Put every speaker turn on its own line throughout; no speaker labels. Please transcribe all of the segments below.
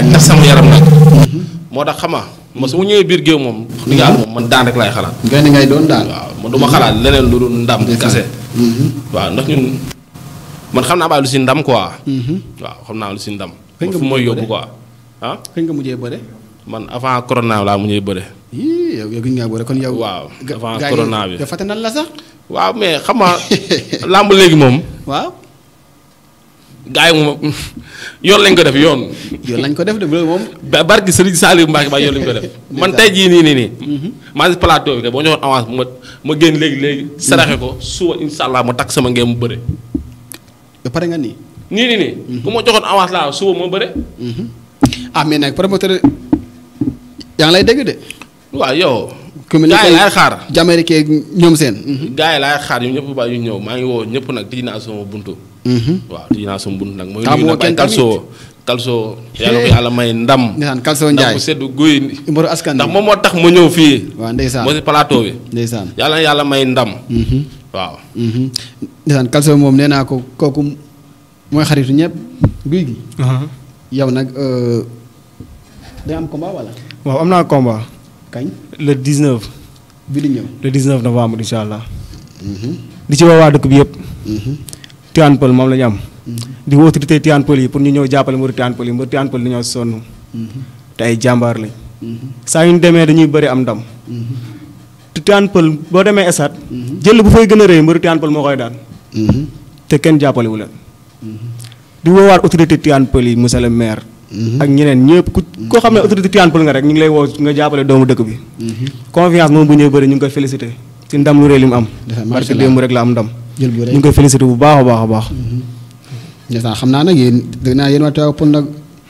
laaj ndax sama yaram nag mm-hmm. moo tax xama ma su ma ñëwee biir géew moom wax dëgg yàlla moom man daan rek laay xalaat gaynde ngay doon daan waaw man du ma xalaat leneen lu dul ndam kase mm-hmm. waaw ndax ñun man xam naa baa lu si ndam quoi mm-hmm. waaw xam naa lu si ndam fu mooy yóbbu quoi ah man avant corona laa mujjee bëre
yow gi nga bëre kon yow waaw avant corona bi la sax waaw mais xam
làmb léegi moom gaa yi moom yoon lañ ko def yoon. yoon lañ
ko def de loolu moom.
barki Serigne Saliou Mbacke ba yoon lañ ko def. man tey jii nii nii nii. Mhm. maa si plateau bi kay boo ñëwoon avance ma ma génn léegi léegi. Mhm. ko suba incha allah ma takk sama mu bëre. nga nii. nii bu mhm. ma joxoon avance laa suba moo bëre. ah mais nag promoteur yaa ngi lay dégg de. waaw yow. gaa yi laay xaar.
jamérique ñoom seen.
gaa yi laay xaar ñoom ñëpp ba yu ñëw maa ngi woo ñëpp nag tij naa sama buntu. Mhm. waaw tijji naa sama bunt nag. mooy nuyu na ay Kalso Kalso. yàlla
may ndam. ndeysaan Kalso Ndiaye
ndax moom moo tax ma ñëw fii.
waaw ndeysaan
yàlla yàlla ndam. Mhm. waaw.
Mhm. ndeysaan moom nee naa ko kooku mooy xaritu ñëpp guy gi. yow nag euh, da am combat wala.
waaw am naa combat. kañ le 19. bi di ñëw le 19 novembre incha allah. di ci woowaa dëkk bi yëpp. Tivaouane Peulh moom la ñu am. di woo autorité Tivaouane Peulh yi pour ñu ñëw jàppale mbiru Tivaouane Peulh yi mbiru Tivaouane Peulh dañoo sonn. te ay jàmbaar lañ. saa demee dañuy bëri am ndam. te Tivaouane boo demee esaat. jël bu fay gën a rëy mbiru Tivaouane moo koy daan. te kenn jàppale wu leen. di woowaat autorité Tivaouane Peulh yi monsieur le maire. ak ñeneen ñëpp ku koo xam ne autorité Tivaouane Peulh nga rek ñu ngi lay woo nga jàppale doomu dëkk bi. confiance moom bu ñëw bëri ñu ngi koy félicité ci ndam lu rëy li mu am. parce que démb rek la am ndam. jël bu rëy ñu ngi koy félicité bu
baax a baax a baax. Mm-hmm. ndeysaan xam naa nag yéen dégg naa yéen waa Tivaouane Peulh nag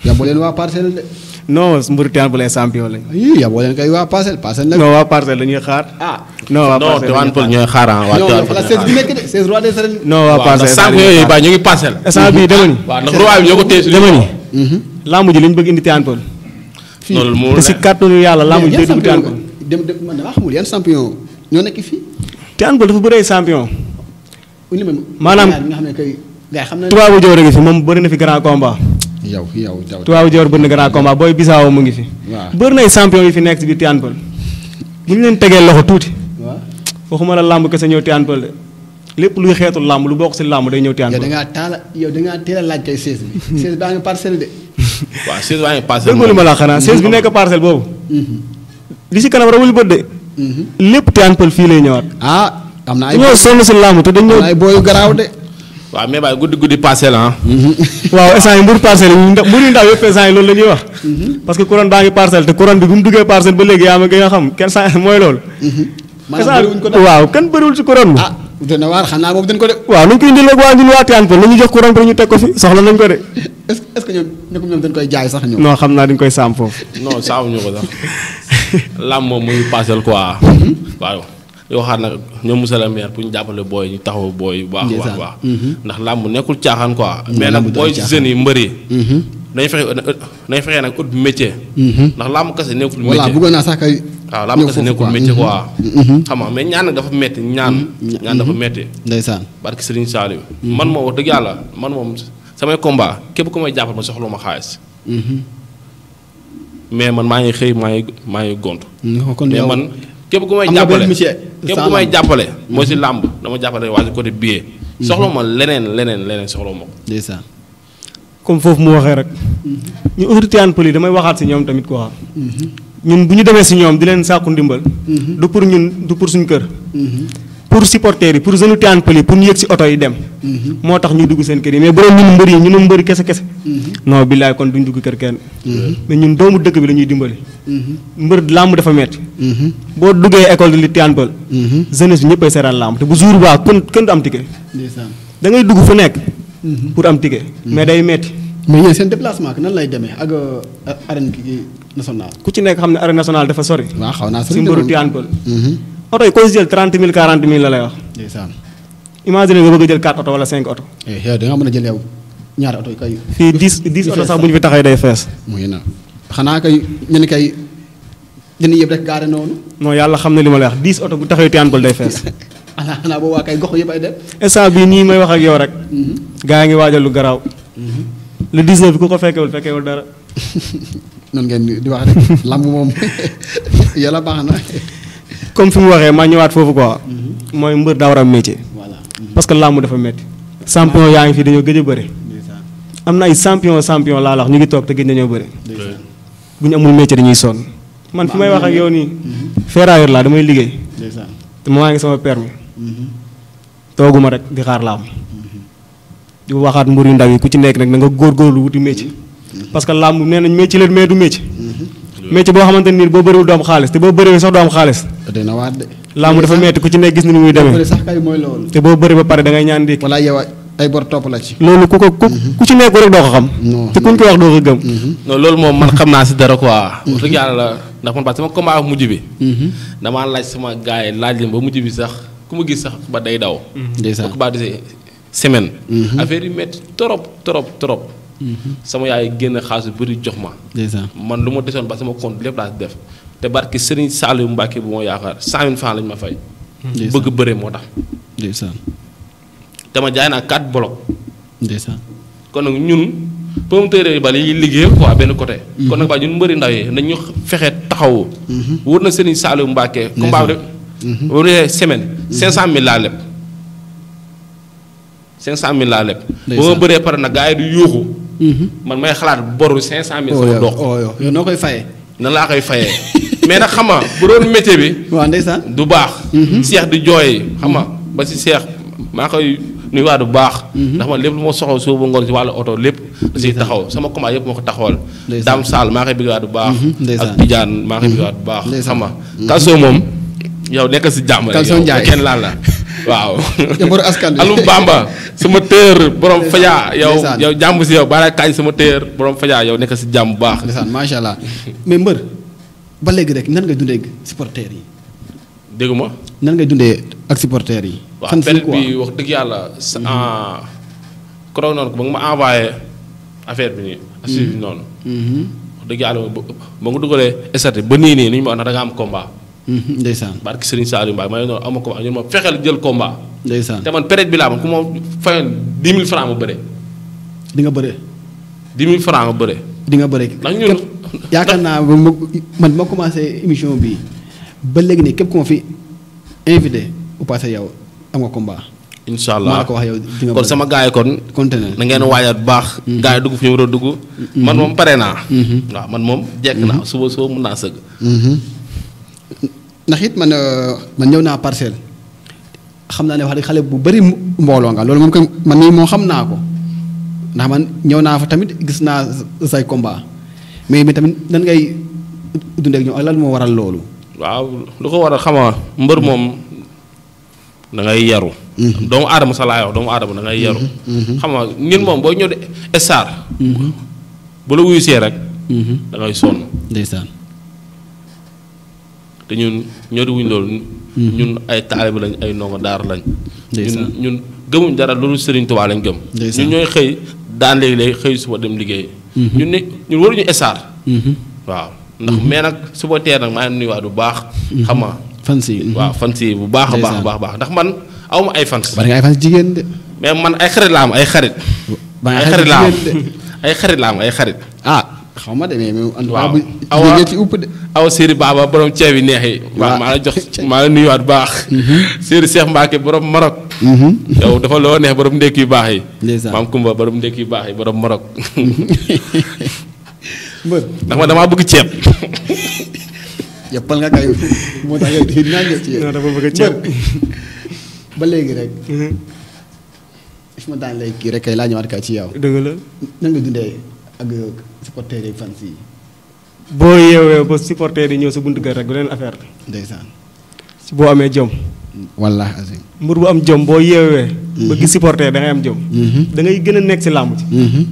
yaboo leen waa
parcelle de. non Mbour Tivaouane Peulh champion lañ. ii yaboo leen kay waa parcelle parcelle nag. non waa parcelle dañuy xaar. ah non waa parcelle non Tivaouane Peulh ñooy xaar ah. waa Tivaouane Peulh ñooy xaar
de 16 roi des arènes. non waa
parcelle champion yooyu ba ñu ngi
parcelle. instant bii dama ni. waaw roi bi ñoo ko téye si dama ni. Mm-hmm.
lamb ji lañ bëgg indi Tivaouane Peulh. fii te si kàttanu yàlla lamb ji dem
dem man damaa xamul yan
champion ñoo nekk fii. Tivaouane Peulh dafa bëri champion
maanaam tubaabu joor a
ngi fi moom bëri na fi grand combat. yow yow tubaabu joor bëri grand combat booy bisaaw mu ngi fi. waaw bëri na fi nekk si la làmb kese ñëw Tivaouane Peulh de lépp luy lu bokk si làmb day da ngaa
taal yow da ngaa teel a laaj kay seize bi. seize baa ngi parcelle de.
waaw seize baa la xanaa boobu. Mhm. li si kanam rawul bët de. Mhm. lépp Tivaouane Peulh fii lay ñëwaat. Ah, am na ay booy sonn si laamu te dañu. am ay booy garaaw de.
waaw mais baay guddi guddi passé la ah.
mhm. waaw instant mburu parcelle yi ndax ndaw yëpp instant loolu la ñuy wax. Mhm. parce que couronne baa ngi parcelle te couronne bi bu mu duggee parcelle ba léegi yaa ma gën a xam kenn saa moom mhm.
dañ ko de. waaw
ah, nañ ko indil ak waa ñun waa Tivaouane Peulh jox couronne pour ñu teg ko fi soxla nañ ko de.
est ce est ñoom dañ koy jaay sax ñoom.
non xam naa dañ koy saam foofu.
non saamuñu ko sax. lam moom muy parcelle quoi waaw waxaat nag ñoom monsieur le maire pour ñu jàppale booy ñu taxaw booy. bu baax a baax mhm. ndax làmb nekkul caaxaan quoi. mais nag booy jeunes yi mbëri. Mhm. nañu fexe nañu fexe nag ut métier. Mhm. ndax làmb kese nekkul métier. voilà bëggoon naa sax kay. waaw làmb kese nekkul métier quoi. xam nga mais ñaan nag dafa metti ñaan. ñaan dafa metti ndeysaan barki Serigne Saliou. man moom wax dëgg yàlla man moom samay combat képp ku may jàppal ma soxla ma xaalis. mais man maa ngi xëy maa ngi gont. mais man. képp ku may jàppale képp ku may jàppale mm-hmm. mooy si làmb dama jàppale waa si côté billet mm-hmm. soxla ma leneen leneen leneen soxla ma ko ndeysaan
comme foofu mu waxee rek mm-hmm. ñu autorité pël yi damay waxaat si ñoom tamit quoi ñun bu ñu demee si ñoom di leen sàkku ndimbal du pour ñun du pour suñu kër pour supporters yi pour jeune Tivaouane Peulh yi pour ñu yëg si oto yi dem. moo tax ñu dugg seen kër yi mais bu doon ñun mbër yi ñu ne mbëri kese kese. non billaay kon duñ dugg kër kenn. mais ñun doomu dëkk bi lañuy ñuy dimbali. mbër làmb dafa metti boo duggee ecole de lutte Tivaouane Peulh. jeunesse bi ñëppay seeraan làmb te bu jour baa kon kenn du am ticket. da ngay dugg fu nekk. Mhm. pour am ticket. mais day metti
mais yéen seen déplacement nan lay demee ak euh, arène nationale.
ku ci nekk xam ne arène nationale dafa sori. waaw xaw naa sori si oto yi koo jël trente mille quarante mille la lay wax. ndeysaan. imagine nga bëgg jël quatre oto wala cinq oto. eh
da nga mën a jël yow ñaari oto yi kay. fii
dix dix oto sax bu ñu fi taxee day fees. muy na xanaa kay ñun kay dina yëpp rek gaare noonu. non yàlla xam na li ma lay wax dix oto bu taxee Tivaouane day fees.
xanaa boobu waa kay gox yëpp ay def.
instant bii nii may wax ak yow rek. Mhm. gaa ngi waajal lu garaaw. Mhm. le 19 bi ku ko fekkewul fekkewul dara. noonu ngeen di wax rek lamb moom yàlla baax na. comme fi mu waxee maa ñëwaat foofu quoi. Mhm. mooy mbër daa war a am métier. Mhm. parce que làmb dafa métti. champion yaa ngi fii dañoo gëj a bëri. am na ay champion champion laa lax ñu ngi toog te gëj nañoo bëri. bu ñu amul métier dañuy sonn. man fi may wax ak yow nii. Mhm. ferrailleur laa damay liggéey. te maa ngi sama permis tooguma rek di xaar làmb. di waxaat mbër yu ndaw yi ku ci nekk nag na nga góorgóorlu wuti métier. parce que làmb nee nañ métier leen mais du métier. métier boo xamante nii boo bëriwul doom xaalis te boo bëriwul sax doom xaalis dina waat de laamu dafa metti ku ci nekk gis ni muy demee sax kay mooy loolu te boo bëri ba pare da ñaan ndékki wala yow
ay bor topp la ci loolu ku ko ku
mhm. ci nekk rek doo ko xam te kuñ ko wax doo ko gëm mhm.
non loolu
moom man xam naa si dara quoi mhm. wax dëgg yàlla ndax man parce que sama combat mujj bi damaa laaj sama gars yi laaj leen ba mujj bi sax ku ma gis sax ba day daw ndeysaan ba semaine affaire yi metti trop trop trop sama yaay génn xaalis bu jox ma. man lu ma desoon ba sama compte lépp laa def te barki Serigne Saliou Mbacke bu ma yaakaar 100000 francs lañ ma fay. bëgg bëre moo tax. ndeysaan. te ma jaay naa 4
bloc. ndeysaan.
kon nag ñun promoteur yi ba li liggéey quoi benn côté. Mhm. kon nag ba ñun mbëri ndaw yi nañ fexe taxawoo. Mhm. wóor na Serigne Saliou Mbacke. combat bi de. Mhm. semaine. 500000 laa leb. 500000 laa leb. ba ma bëree pare nag gars yi du yuuxu. Mm-hmm. man may xalaat boru 500000. sama dox
yow noo koy fayee.
nan laa koy fayee mais nag xam nga bu doon métier bi. waaw ndeysaan du baax. Mm-hmm. seex di jooy xam nga mm-hmm. ba si seex maa koy nuyuwaat bu baax. ndax man lépp lu ma soxla suba ngoon si wàll oto lépp. da siy taxaw sama commande yëpp moo ko taxawal. daam Sall maa koy bëggaat bu baax. ak Tidiane maa koy bëggaat bu baax. xam nga kalso moom yow nekk si jàmm rek yow kenn laal la. waaw. jamono askan bi Alum Bamba sama
téer borom
fajaa yow yow jàmm si yow baaraay kaañ sama téer borom fajaa yow nekk si jàmm bu baax. ndeysaan macha
allah mais mbër ba léegi rek nan ngay dundee supporters yi. dégg ma nan ngay dundee ak supporters yi. fan si quoi
bi wax dëgg yàlla sa korog mhm. noonu ba nga ma envoyé affaire bi nii. Mhm. assuré bi noonu. Mhm. wax dëgg yàlla ba nga dugalee SRT ba nii nii ni ñu ma wax da nga am combat.
Mhm, ndeysaan
barki Serigne Saliou Mbaye ma ne noonu ama combat ñun ma fexeel jël combat. ndeysaan te man période bi laa man ku ma fayoon 10 000 francs ma bëre. di nga bëre. 10 mil francs ma bëre.
di nga bëre ndax ñun. yaakaar naa man ma commencé émission bi ba léegi nii képp ku ma fi invité bu passé yow am nga combat.
incha allah ko wax yow kon sama gars kon. continué nangeen ngeen bu baax. Mhm. gars yi dugg fi ñu war a dugg. man mhm. moom pare naa. waaw man moom jekk naa
ndax it man man ñew naa parcelle xam naa ne wax xale bu bari mbooloo nga loolu moom ko man nii moo xam naa ko ndax man ñëw naa fa tamit gis naa say combat mais mi tamit nan ngay dundee ak ñoom ak lan moo waral loolu. waaw lu ko waral xama
mbër moom da ngay yaru. doomu aadama sa laa wax doomu aadama da ngay yaru. xam nga mom moom boo ñëw de estar bu la wuyu see rek. da ngay sonn. ndeysaan. te ñun ñoriwuñ loolu. Mm-hmm. ñun ay taalibe lañ ay ndongo daar lañ. ñun ñun gëmuñ dara loolu Serigne Touba lañ gëm. ñun ñooy xëy daan léegi-léegi xëy suba dem liggéey. Mm-hmm. ñun ne ñun waruñu esaar. Mm-hmm. waaw ndax mais nag suba teer nag maa ngi nuyuwaat bu baax.
xam nga fan si waaw fan
si bu baax a baax a baax ndax man awma ay fans. bari nga ay fans jigéen de. mais man ay xarit la am ay xarit. ay xarit la ay xarit la am ay xarit ah. xaw ma demee mais. waaw awa ci upp de. awa Serigne Baba borom ceeb yi neex yi. waaw maa la jox maa la nuyuwaat baax. Mhm. Serigne seex Mbacke borom Maroc. Mhm. yow dafa loo neex borom ndekk yu baax yi. maam Kumba borom ndekk yu baax yi borom Maroc.
mbër ndax ma damaa bëgg ceeb. yëppal nga kay moo bëgg ceeb ba léegi rek. Mhm. daan lay kii rek kay laa ñëwaat kay ci yaw dëgg la. nan nga dundee. ak supporters yi fans
boo yeewee ba supporters yi ñëw si bunt kër rek beneen affaire la. si boo amee jom.
wallaahi azim.
mbër bu am jom boo yeewee. Mhm. ba gis supporter da ngay am jom. Mhm. da ngay gën a nekk si làmb ji. Mhm.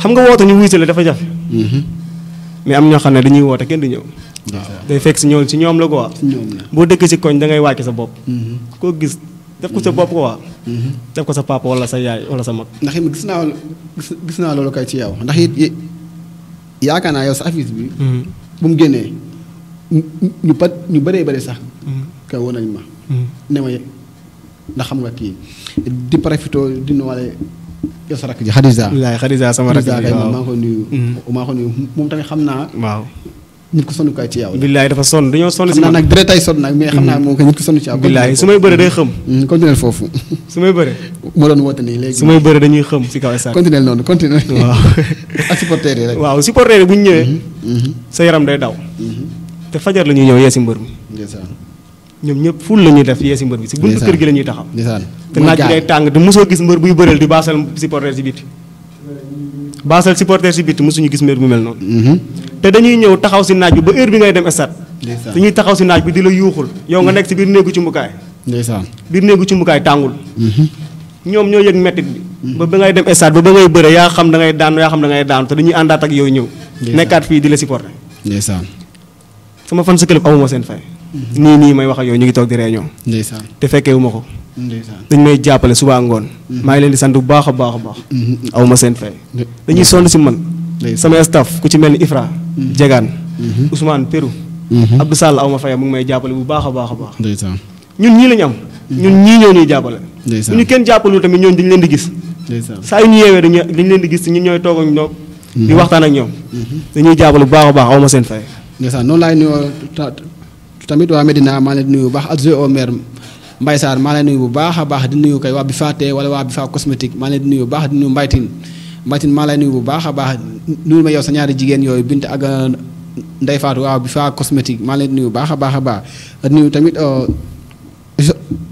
xam nga woote ñu wuyu la dafa jafe. mais am ñoo xam ne dañuy woote kenn du ñëw. day fekk si ñëw si ñoom la quoi. boo dëkk si koñ da ngay wàcc sa bopp. koo gis. def ko sa bopp quoi. Mhm. def ko sa papa wala sa yaay wala sa mag. ndax it gis gis naa loolu kay ci yow ndax it yaakaar
naa yow sa affiche bi. Mhm. bu mu génnee ñu pat ñu sax. Mhm. kay woon ma. ne ndax xam nga kii di profité di nuwaale yow sa rakk ji Xadija. Xadija sama rakk ji waaw Xadija kay maa ko nuyu. maa ko nuyu moom tamit xam naa. waaw. nit ko sonn kaay ci yaaw billaay dafa sonn
dañoo sonn si man xam naa mm.
moom ko nit ko sonn ci yaaw billaay su may bëre day xëm mm, continuel foofu su may bëre moo doon woote dañuy
xëm si kaw stade continuel noonu continuel waaw ak supporters yi rek waaw supporters yi mm-hmm, mm-hmm. day daw mm-hmm. te fajar la ñuy ñëw yee si mbër mi ñoom ñëpp ful la ñuy def yee si mbër bi si buntu kër gi la ñuy taxaw te naaj bi day tàng te mosoo gis mbër buy bëreel di baasal supporters si biti baasal supporters si biti mosuñu gis mbër bu mel noonu té dañuy ñëw taxaw ci naaj bi ba heure bi ngay dem estat stade dañuy taxaw ci naaj bi di la yuuxul yow nga mm. nek ci bir neegu ci mbukaay ndeysaan bir neegu ci tangul hmm ñom ñoy yëg metti bi mm. ba ba ngay dem estat ba ba ngay bëre ya xam da ngay daan ya xam da ngay daan té dañuy andat ak yow ñëw nekkat fi di la supporter ndeysaan sama fan sa club amuma seen fay mm-hmm. ni ni may wax ak yow ñu ngi tok di réunion ndeysaan fekké wumako ko dañ may jappalé suba ngoon mm-hmm. ma ngi leen di sant bu baaxa baaxa baax a baax mm-hmm. seen fay dañuy sonn ci man sama staff ku ci melni ifra Jegaan. Mhm. Ousmane Peru. Mhm. Abdou Sall aw ma fayam mu ngi may jàppale bu baax a baax a baax. ndeysaan ñun ñii lañu am. Mhm. ñun ñii ñoo ñuy jàppale. ndeysaan bu ñu kenn jàppalul tamit ñooñu dañu leen di gis. saa yu ñu yeewee dañu leen di gis ñun ñooy toog ak ñoom. di waxtaan ak ñoom. dañuy jàppale bu baax a baax aw ma seen fay. ndeysaan
noonu laay nuyoo tamit waa Medina maa leen nuyu bu baax adjoint au maire Mbaye Sarr maa leen nuyu bu baax a baax di nuyu kay waa Bifa Té wala waa Bifa cosmétique maa leen di nuyu bu baax di nuyu Mbaytin Mbathine maa lay nuyu bu baax a baax nuyu ma yow sa ñaari jigéen yooyu bint ak euh, Ndeye Fatou waaw bi fa cosmétique maa lay nuyu bu baax a baax a baax nuyu tamit euh,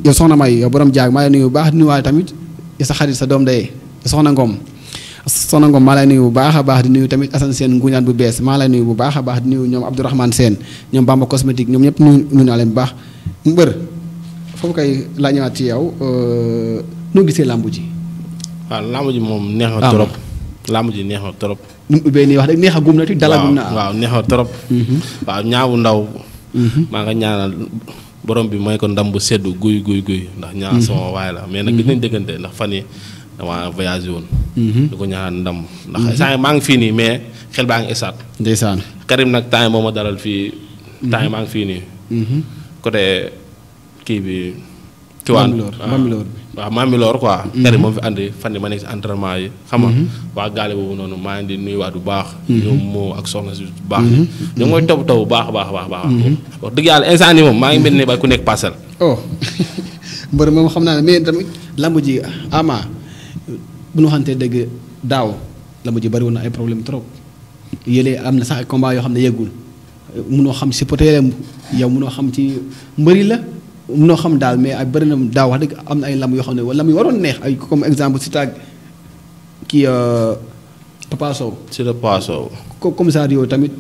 yow soxna yow borom jaag maa lay bu baax nuyuwaale tamit sa xarit sa doom day soxna ngoom soxna Ngom maa lay nuyu bu baax a baax di nuyu tamit Assane seen nguñaan bu bees maa lay nuyu bu baax a baax di nuyu ñoom Abdourahmane seen ñoom Bamba cosmétique ñoom ñëpp nuyu nuyu naa leen bu baax mbër foofu kay laa ñëwaat yow euh, noo gisee làmbu ji
waaw làmb ji moom neex na trop. làmb ji neex na trop.
nu mu ubbee wax dëgg neex a gum na waaw
waaw neex na trop. Mhm. waaw ñaawu ndaw. Mhm. maa nga ñaanal borom bi may ko ndam bu sedd guy guy guy ndax ñaar mhm. sama waaye la mais nag gis nañ dëggante ndax fan yi damaa voyagé woon. di ko ñaanal ndam. ndax saa maa ngi fii nii mais xel baa ngi esaat. ndeysaan Karim nag temps moo ma dalal fii. temps maa ngi fii nii. côté kii bi. Tiwaan Bambilor waaw maa mi loor quoi. Mhm. moom fi andi fan yi ma nekk si entraînement yi. xam nga mhm. waa gaale boobu noonu maa ngi di nuyuwaat bu baax. Mhm. ñoom moo ak soxna si bu baax. ñoom mooy topp taw bu baax a baax a baax. wax dëgg yàlla instant yii maa ngi mel ni ba ku nekk parcelle.
oh mbër moom xam naa ne mais tamit lamb ji ama bu xam waxantee dëgg daaw lamb ji bari woon na ay problème trop yële am na sax ay combat yoo xam ne yeggul munoo xam si peut yow munoo xam ci mbëri la. noo xam daal mais ay bëri na daaw wax dëgg am na ay lam yoo xam ne wala lam yu waroon neex ay comme exemple si taag kii euh,
Papa Sow. si Papa Sow.
ko comme ça yow tamit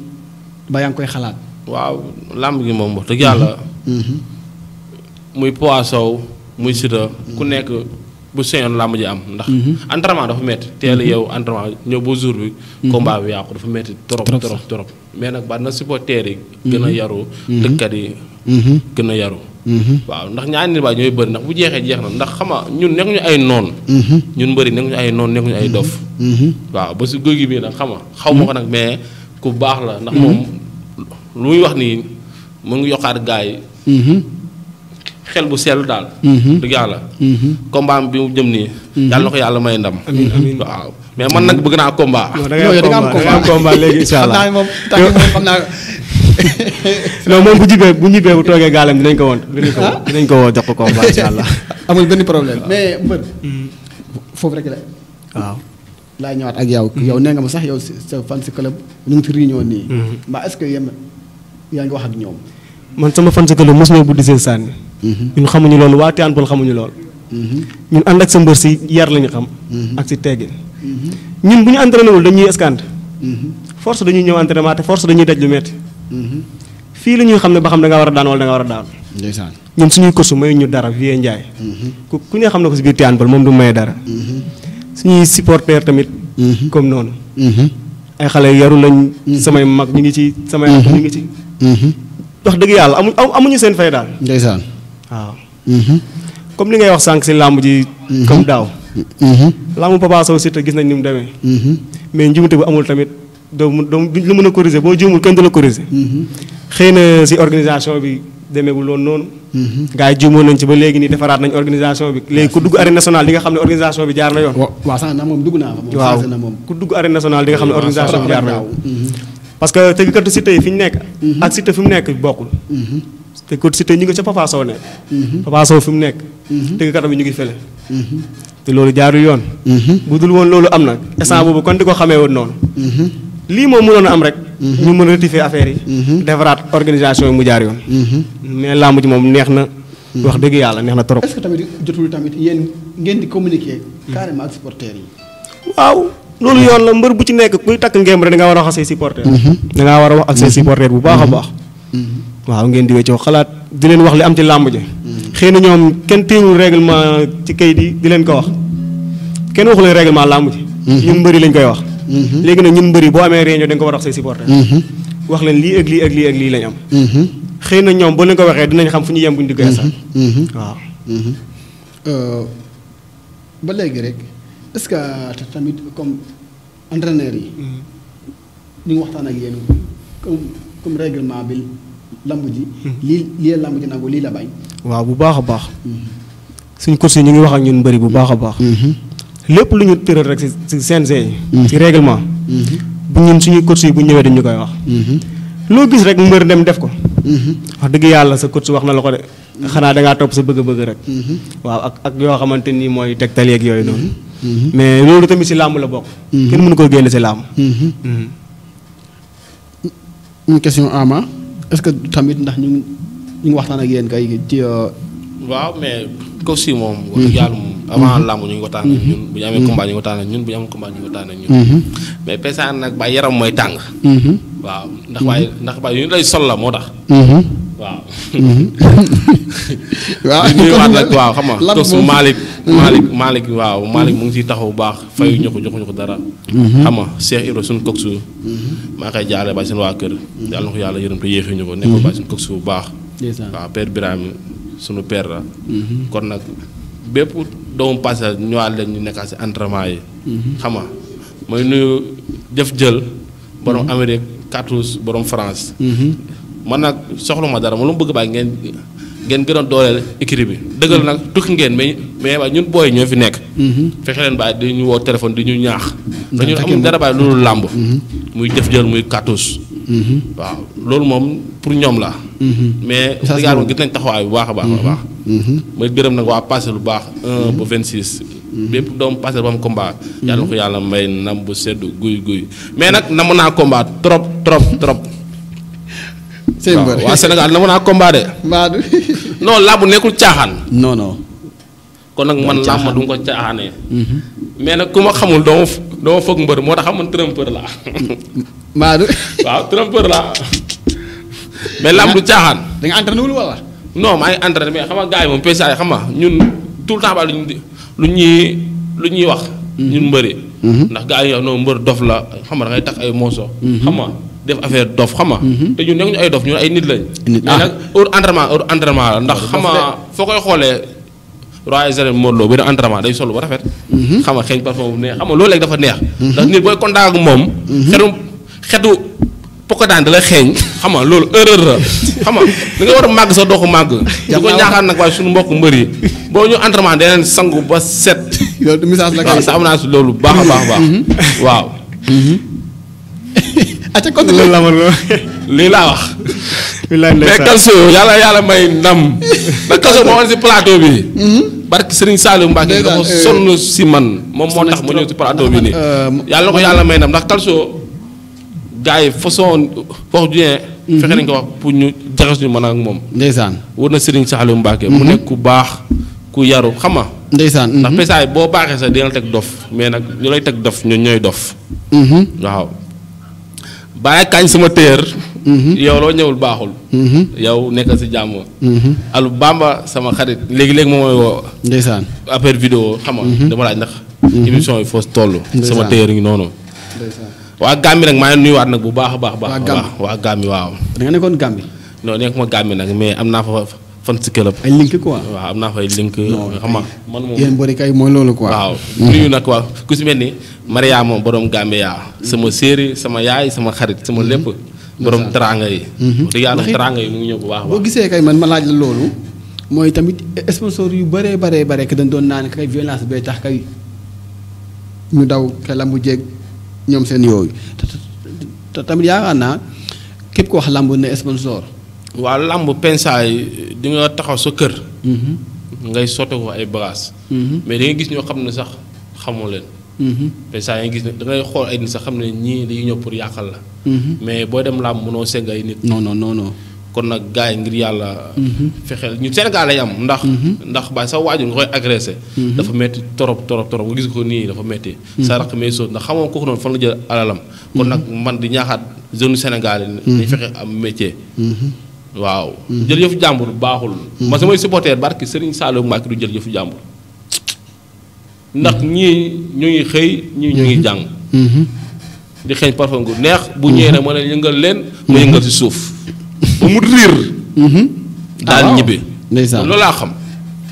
ba yaa ngi koy xalaat.
waaw lamb gi moom wax dëgg yàlla. Mm-hmm. Mm-hmm. muy Papa Sow muy Siteu. ku mm-hmm. nekk bu seeyoon làmb ji am. ndax entraînement dafa métti. teel a yow entraînement ñëw ba jour bi. combat bi yàqu dafa métti trop trop trop. mais nag bari na supporters yi. gën a yaru. dëkkat yi. gën a yaru. Mm-hmm. waaw ndax ñaari nit baa ñooy bëri ndax bu jeexee jeex na ndax xama ñun nekk ñu ay noon mm-hmm. ñun bëri nekk ñu ay noon nekk ñu ay dof mm-hmm. waaw ba si guy gi bii nag xama xaw ma ko nag mais ku baax la ndax moom lu muy wax nii mu ngi yokkaat gaay. xel bu sel daal dëgg yàlla combat bi mu jëm nii yàlla na ko yàlla may ndam waaw mais man nag bëgg naa combat da nga am combat léegi inshallah xam naa
moom tànk moom
xam naa non moom bu jibee bu ñibee bu toogee gaalam dinañ ko woon dinañ ko woon ah? dinañ ko woo jox ko combat incha allah amul benn problème
mais mbër hmm. foofu rek la waaw laa ñëwaat ak yow hmm. yow nee nga ma sax yow sa fan si club ñu ngi fi réunion nii hmm. mbaa est ce que yem yaa ngi wax ak ñoom
man sama fan si club mos ma buddi seen sànni ñun xamuñu loolu waa tiyaan bol xamuñu loolu ñun ànd ak sa mbër si yar lañu xam ak si teggin ñun bu ñu entraîné wul dañuy escante force dañuy ñëw entraînement te force dañuy daj lu metti Mm-hmm. fii la ñuy xam ne ba xam da nga war a daan wala da nga war a daan ndeysaan ñun suñuy kursu mayu ñu dara vie njaay mm-hmm. ku ku ne xam na ko si biir tiyaan bal moom du may dara mm-hmm. suñuy supporter tamit comme noonu ay xale yaru lañ samay mag ñu ngi ci samay at ñu ngi ci wax dëgg yàlla amu amuñu seen fay daal ndeysaan waaw comme li ngay wax sànq si làmb ji comme daaw làmb papa sow si gis nañ ni mu demee mais njumte bu amul tamit doo mun doo duñ la mën a corriger boo juumul kenn du la corriger. Mm-hmm. xëy na si organisation bi demeewul loolu noonu. Mm-hmm. gars yi juumoon nañ ci ba léegi nii defaraat nañ organisation bi. léegi ku dugg arène nationale di nga xam ne organisation bi jaar na yoon. waaw sax na moom dugg naa fa. waaw ku dugg arène nationale di nga xam mm-hmm. yi fi ñu nekk. ak Siteu fi mu nekk bokkul. tëggkatu Siteu ñu ngi ca Papa Sow nekk. Papa Sow fi mu nekk. tëggkatam bi ñu ngi fële. te loolu jaarul yoon. bu dul woon loolu am na instant boobu kon di ko xamee woon noonu. li mo mënoon a am rek. Mhm. ñu mëna a rectifier affaire yi. Mhm. defrat organisation mu jaar yoon. Mhm. mais lamb ci mom neexna wax deug yalla neexna trop. est-ce tamit jotul tamit yeen ngeen di communiquer. carrément ak supporters yi. waaw lolu yoon la mbeur bu ci nekk kuy tak ngeem rek da nga wara wax ak supporter da nga wara wax ak ses supporter bu baaxa baax. waaw ngeen di weccoo xalaat di leen wax li am ci lamb ji. xeyna na ñoom kenn teewul règlement ci kay di di leen ko wax kenn waxu règlement lamb ji. ñun mbeuri lañ koy wax. léegi nag ñun mbëri boo amee réunion da nga ko war a wax say supporter mhm. wax leen lii ak lii ak lii ak lii lañ am mhm. xëy na ñoom boo leen ko waxee dinañ xam fu ñu yem bu ñu duggee sax
mhm. waaw euh, ba léegi rek est-ce que tamit comme entraîneur yi ñu ngi waxtaan ak yéen comme comme règlement bi lamb ji lii lii lamb ji nangu lii la bañ
waaw bu baax a baax suñ course ñu ngi wax ak ñun mbëri bu baax a baax lépp lu ñu tëral rek si si CNG. si règlement. Mm-hmm. bu ñun suñuy coach yi bu ñëwee dañu koy wax. Mm-hmm. loo gis rek mbër dem def ko. Mm-hmm. wax dëgg yàlla sa coach wax na la ko de. xanaa da ngaa topp sa bëgg-bëgg rek. waaw ak ak yoo xamante ni mooy tegtal yeeg yooyu noonu. mais loolu tamit si làmb la bokk. kenn mënu koo génne si làmb.
une question Ama est-ce que tamit ndax ñu ngi ñu ngi waxtaan ak yéen kay ci. Euh,
waaw mais ko si moom. wax yàlla avant mhm. làmb ñu ngi waxtaan ak mhm. ñun bu ñu amee mhm. combat ñu ngi ñun bu ñu amee combat ñu ngi waxtaan ak ñun mais pesaan nag ba yaram mooy tàng waaw ndax waaye ndax baay yu ñu lay sol la moo tax waaw waaw nuyuwaat waaw xam nga tos Malick Malick Malick waaw Malick mu ngi si taxaw bu baax fayu ñu ko joxuñu ko dara xam nga Cheikh Ibra suñu koksu maa koy jaale bàyyi seen waa kër yàlla na ko yàlla yërëm te yéexi ñu ko nekkul bàyyi suñu koksu bu baax waaw père Birame suñu père la kon nag bépp doomu passage a leen ñu nekkaat si entraînement yi. Mhm. xam nga mooy nuyu jëf jël. borom mhm. Amérique Cartouche borom France. Mhm. man nag soxla ma dara ma lu mu bëgg baa ngeen ngeen gën a dooleel équipe bi. dëggal nag tukki ngeen mais mais waaye ñun booy ñoo fi nekk. fexe leen bàyyi di ñu woo téléphone di ñu ñaax. dañu amul dara bàyyi loolu làmb. muy jëf jël muy Cartouche. waaw loolu moom pour ñoom la. mais Sénégal moom gis nañ taxawaay bu baax a baax a baax. Mm-hmm. may biram nag waa ah, passé lu baax 1 ba 26 bépp doom passé ba am combat mm-hmm. yàlla ko yàlla may nam bu sedd guy guy mais nag namu naa combat trop trop trop sëñ bëri waa Sénégal namu naa combat de mbaadu non bu nekkul caaxaan non non kon nak man ma du ko caxane mm-hmm. mais nak kuma xamul do do fokk mbeur tax man trompeur la madu waaw trompeur la mais lamb du caxan da nga entraîner wala non maa ngi entraîné mais xam moom PCA yi ñun tout temps lu ñu lu ñuy lu ñuy wax. Mm-hmm. ñun mbëri. Mm-hmm. ndax gars yi ñu wax noonu mbër dof la xam nga da ngay takk ay mooso. Mm-hmm. xam nga def affaire dof xam nga. te ñun nekk ñu ay dof ñun ay nit lañ. nit mais ah. nag heure entraînement heure entraînement la ndax xam foo koy xoolee. Roi des arènes Modou day sol ba rafet. xam nga xeeñ parfum bu neex xam nga loolu léegi dafa neex. ndax nit booy kontaan moom. xetu. pokotaan da la xeeñ xam nga loolu erreur la xam nga da nga wara mag sa doxu mag di ko ñaaxaan nag waaye suñu mbokk mbeuri bo ñu entraînement deneen sangu ba set du message la kay sa amna su lolu baax baax baax waaw aca continue loolu la ma li la wax mais kalso yalla yalla may ndam na kalso on ci plateau bi mhm. barke serigne salou mbacke eh. dafa sonu si man mom mo tax mo ñu ci plateau bi ni yalla eh, ko yalla may ndam ndax kalso gars yi façon wax ju ne fexe nañ ko wax pour ñu jaxas ñu mën ak moom. ndeysaan war na Serigne Saliou Mbacke. mu mhm. nekk ku baax ku yaru xama ndeysaan mhm. ndax pesaay boo baaxee sax dina teg dof mais nag ñu lay teg dof ñun ñooy dof. Mhm. waaw bàyyi kañ sama téer yow loo ñëwul baaxul. yow nekkal si jàmm. alu bamba sama xarit léegi léegi moom mooy woo. ndeysaan après vidéo xam nga dama laaj ndax. émission yi foos toll. sama téer ngi noonu. waa Gàmbi nag maa ngi nuyuwaat nag bu baax a baax. waa Gàmbi waa Gàmbi waaw. da nga nekkoon Gàmbi. non nekkuma Gàmbi nag mais am naa fa fan si club. ay link quoi waaw am naa fa ay link. xam nga man
moom yéen bëri kay mooy loolu quoi. waaw
mm. nuyu ku si mel ni. Mariama borom Gàmbi yaa. Mm. sama séeri sama yaay sama xarit sama mm-hmm. lépp. borom teraanga yi. te mm-hmm. yàlla teraanga yi mu ngi ñëw bu baax boo
gisee kay man ma laaj la loolu. mooy tamit sponsor yu bëree bëree bëri que dañ doon naan kay violence bay tax kay ñu daw kay lambu jéeg. ñoom seen yooyu te tamit yaakaar naa képp ko wax làmb ne sponsor waa làmb pensaa di nga taxaw sa kër mm-hmm.
ngay sotti ko ay bagages mm-hmm. mais da gis ñoo xam ne sax xamoo leen mm-hmm. pensaay yi nga gis ne da xool ay nit sax xam ne ñii dañuy ñëw pour yàqal la mais boo dem làmb mënoo segg ay nit non non kon nag gars yi ngir yàlla. Mhm. fexeel ñu Sénégal lay am ndax. Mhm. ndax baay sa waajur nga koy agressé. Mhm. dafa metti torop torop torop nga gis ko nii dafa metti sa raq may sóot ndax xamoo kooku noonu fa la jël alalam. kon nag man di ñaaxaat jeune Sénégal yi. dañu fexe am métier. waaw. jël yëfu jàmbur baaxul. ma samay supporter barki Serigne Saliou Mbacké du jël yëfu jàmbur. ndax ñii ñu ngi xëy ñii ñu ngi jàng. di xeeñ parfum gu neex. bu ñëwee nag mën yëngal leen. mu yëngal si suuf. mu riir. Mm-hmm. daal ah, ñibbi. ndeysaan loolaa xam.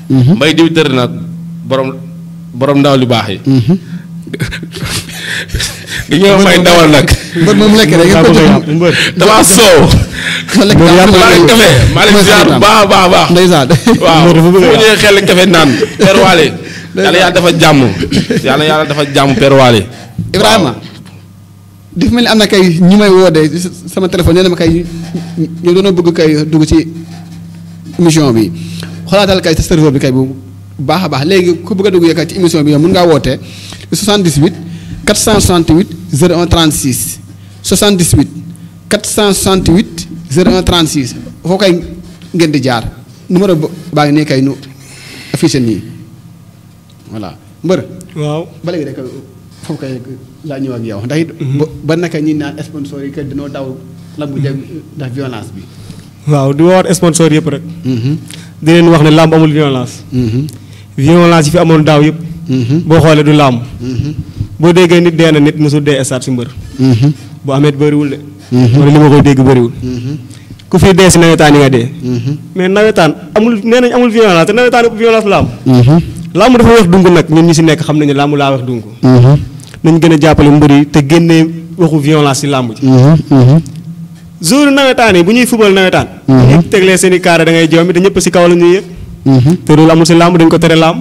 mbay mm-hmm. diw nag borom borom ndaw lu baax yi. li mm-hmm.
ñu may ndawal nag. mbër moom lekk rek nga ko mbër damaa soow. maa leen baax a baax a baax. ndeysaan waaw fu mu ñëwee xel kafe naan Père
yàlla yàlla dafa jàmm yàlla yàlla dafa jàmm Père Ibrahima.
daf mel ni am na kay ñu may woo de sama téléphone nee na ma kay ñu doon bëgg kay dugg ci émission bi xoolaatal kay sa serveur bi kay boobu baax a baax léegi ku bëgg a dugg kay ci émission bi yow mën ngaa woote 78 468 01 36 78 468 01 36 foo kay ngeen di jaar numéro baa ngi nii kay nu affiché nii voilà mbër. waaw ba léegi rek. foofu kay laa ñëw ak yow ndax it. Mhm. ba naka ñi naan sponsor yi que dañoo daw lambu jeg ndax violence bi.
waaw du war sponsor yëpp rek. Mhm. di leen wax ne làmb amul violence. Mhm. violence yi fi amoon daaw yëpp. boo xoolee du làmb. boo déggee nit dee na nit mosul dee estaat si mbër. boo amee bëriwul de. wala li ma koy dégg bëriwul. ku fi dee si nawetaan yi nga dee. mais nawetaan amul nee nañ amul violence te nawetaan yëpp violence làmb. làmb dafa wax dungu si nekk xam nañu làmb laa wax dungu. nañ gën a jàppale mbër yi te génnee waxu violence ci làmb ji. Mhm, mhm. jour nawetaan yi bu ñuy fubal nawetaan. Mhm. ñëpp teglee seen i carré da ngay joom bi te ñëpp ci kaw la ñuy
yëg.
te loolu amul ci làmb dañ ko tere làmb.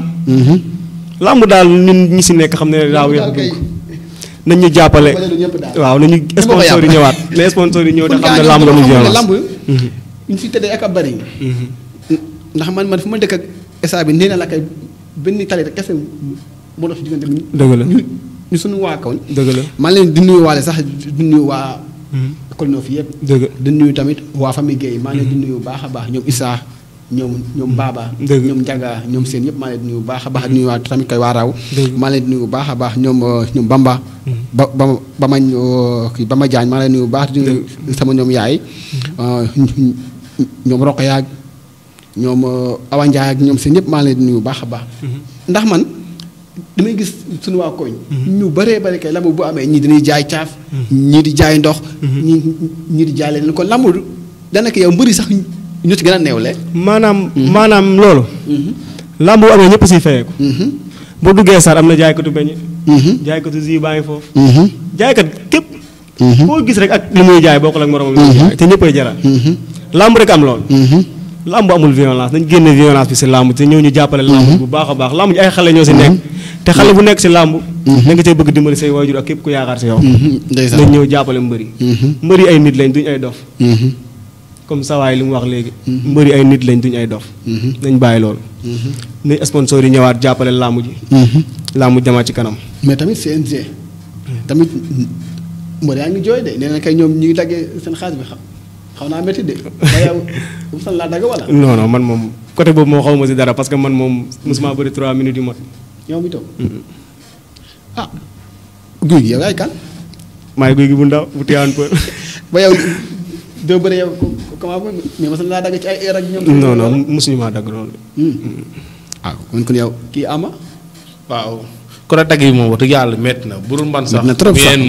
làmb daal ñun ñu si nekk xam ne daaw yàq duñ ko ñu jàppale. waaw nañu sponsor yi ñëwaat ne sponsor yi ñëw te xam ne làmb amul violence.
ñu fi tëddee ak a bari. ndax man man fu ma dëkk ak état bi nee na la kay benn tali rek kese moo dox ñu suñu waa kaw. dëgg la maa leen di nuyu waale sax di nuyu waa. Hmm. école Nord fi yëpp. dëgg tamit waa famille Guèye maa leen di hmm. nuyu baax a baax ñoom isaa ñoom ñoom hmm. Baba. dëgg ñoom Ndiaga ñoom seen yëpp maa leen di baax a baax di nuyu waa tamit kay waa Raaw. maa leen di nuyu baax baax ñoom uh, ñoom Bamba. ba ba ba ma uh, kii Bamba Diagne maa leen di nuyu baax di nuyu ñoom yaay. Uh, ñoom Roqe yaag ñoom Awa ñoom seen yëpp baax a baax. ndax man. damay gis suñu waa koñ. Mhm. ñu bëree bëri kay lamb bu amee ñii dañuy jaay caaf. Mhm. ñii di jaay ndox. Mhm. ñii
ñii di jaay leneen kon lamb danaka yow mbëri sax ñu ci gën a neew neewle. maanaam maanaam loolu. lamb bu amee ñëpp boo duggee saar am na jaaykatu beñe. jaaykatu zi baa ngi foofu. jaaykat képp. boo gis rek ak jaay bokkul ak moromam te ñëppay jaral. lamb rek am loolu. lamb amul violence nañ génne violence bi si lamb te ñëw ñu jàppale lamb bu baax a baax lamb ñu ay xale ñoo si nekk. te xale bu nekk si làmb da mhm. nga cee bëgg dimbali say waajur ak képp ku yaakaar si yow mhm. nañ ñëw jàppale mbëri mhm. mbëri ay nit lañ duñ ay dof comme sawaay li mu wax léegi mbëri ay nit lañ duñ ay dof nañ bàyyi loolu nañ sponsor yi ñëwaat jàppale làmb ji làmb jamaat ci kanam
mais tamit CNG tamit mbër yaa ngi jooy de nee na kay ñoom ñu ngi daggee seen xaalis bi xam xaw naa métti de waaye laa dagg wala non
non man moom côté boobu moo xaw ma si dara parce que man moom mosuma bëri 3 minutes
ñoom itam. ah guy gi yow ya yaay kan.
maay guy gi bu ndaw bu teewaan ko. ba yow
doo bëri yow comment mais mos laa dagg ci ay air ak ñoom. non non
mosuñu maa dagg loolu. ah kon kon yow
kii ama. waaw
ku la tagi moom wax dëgg
yàlla na burul man sax na trop sax yéen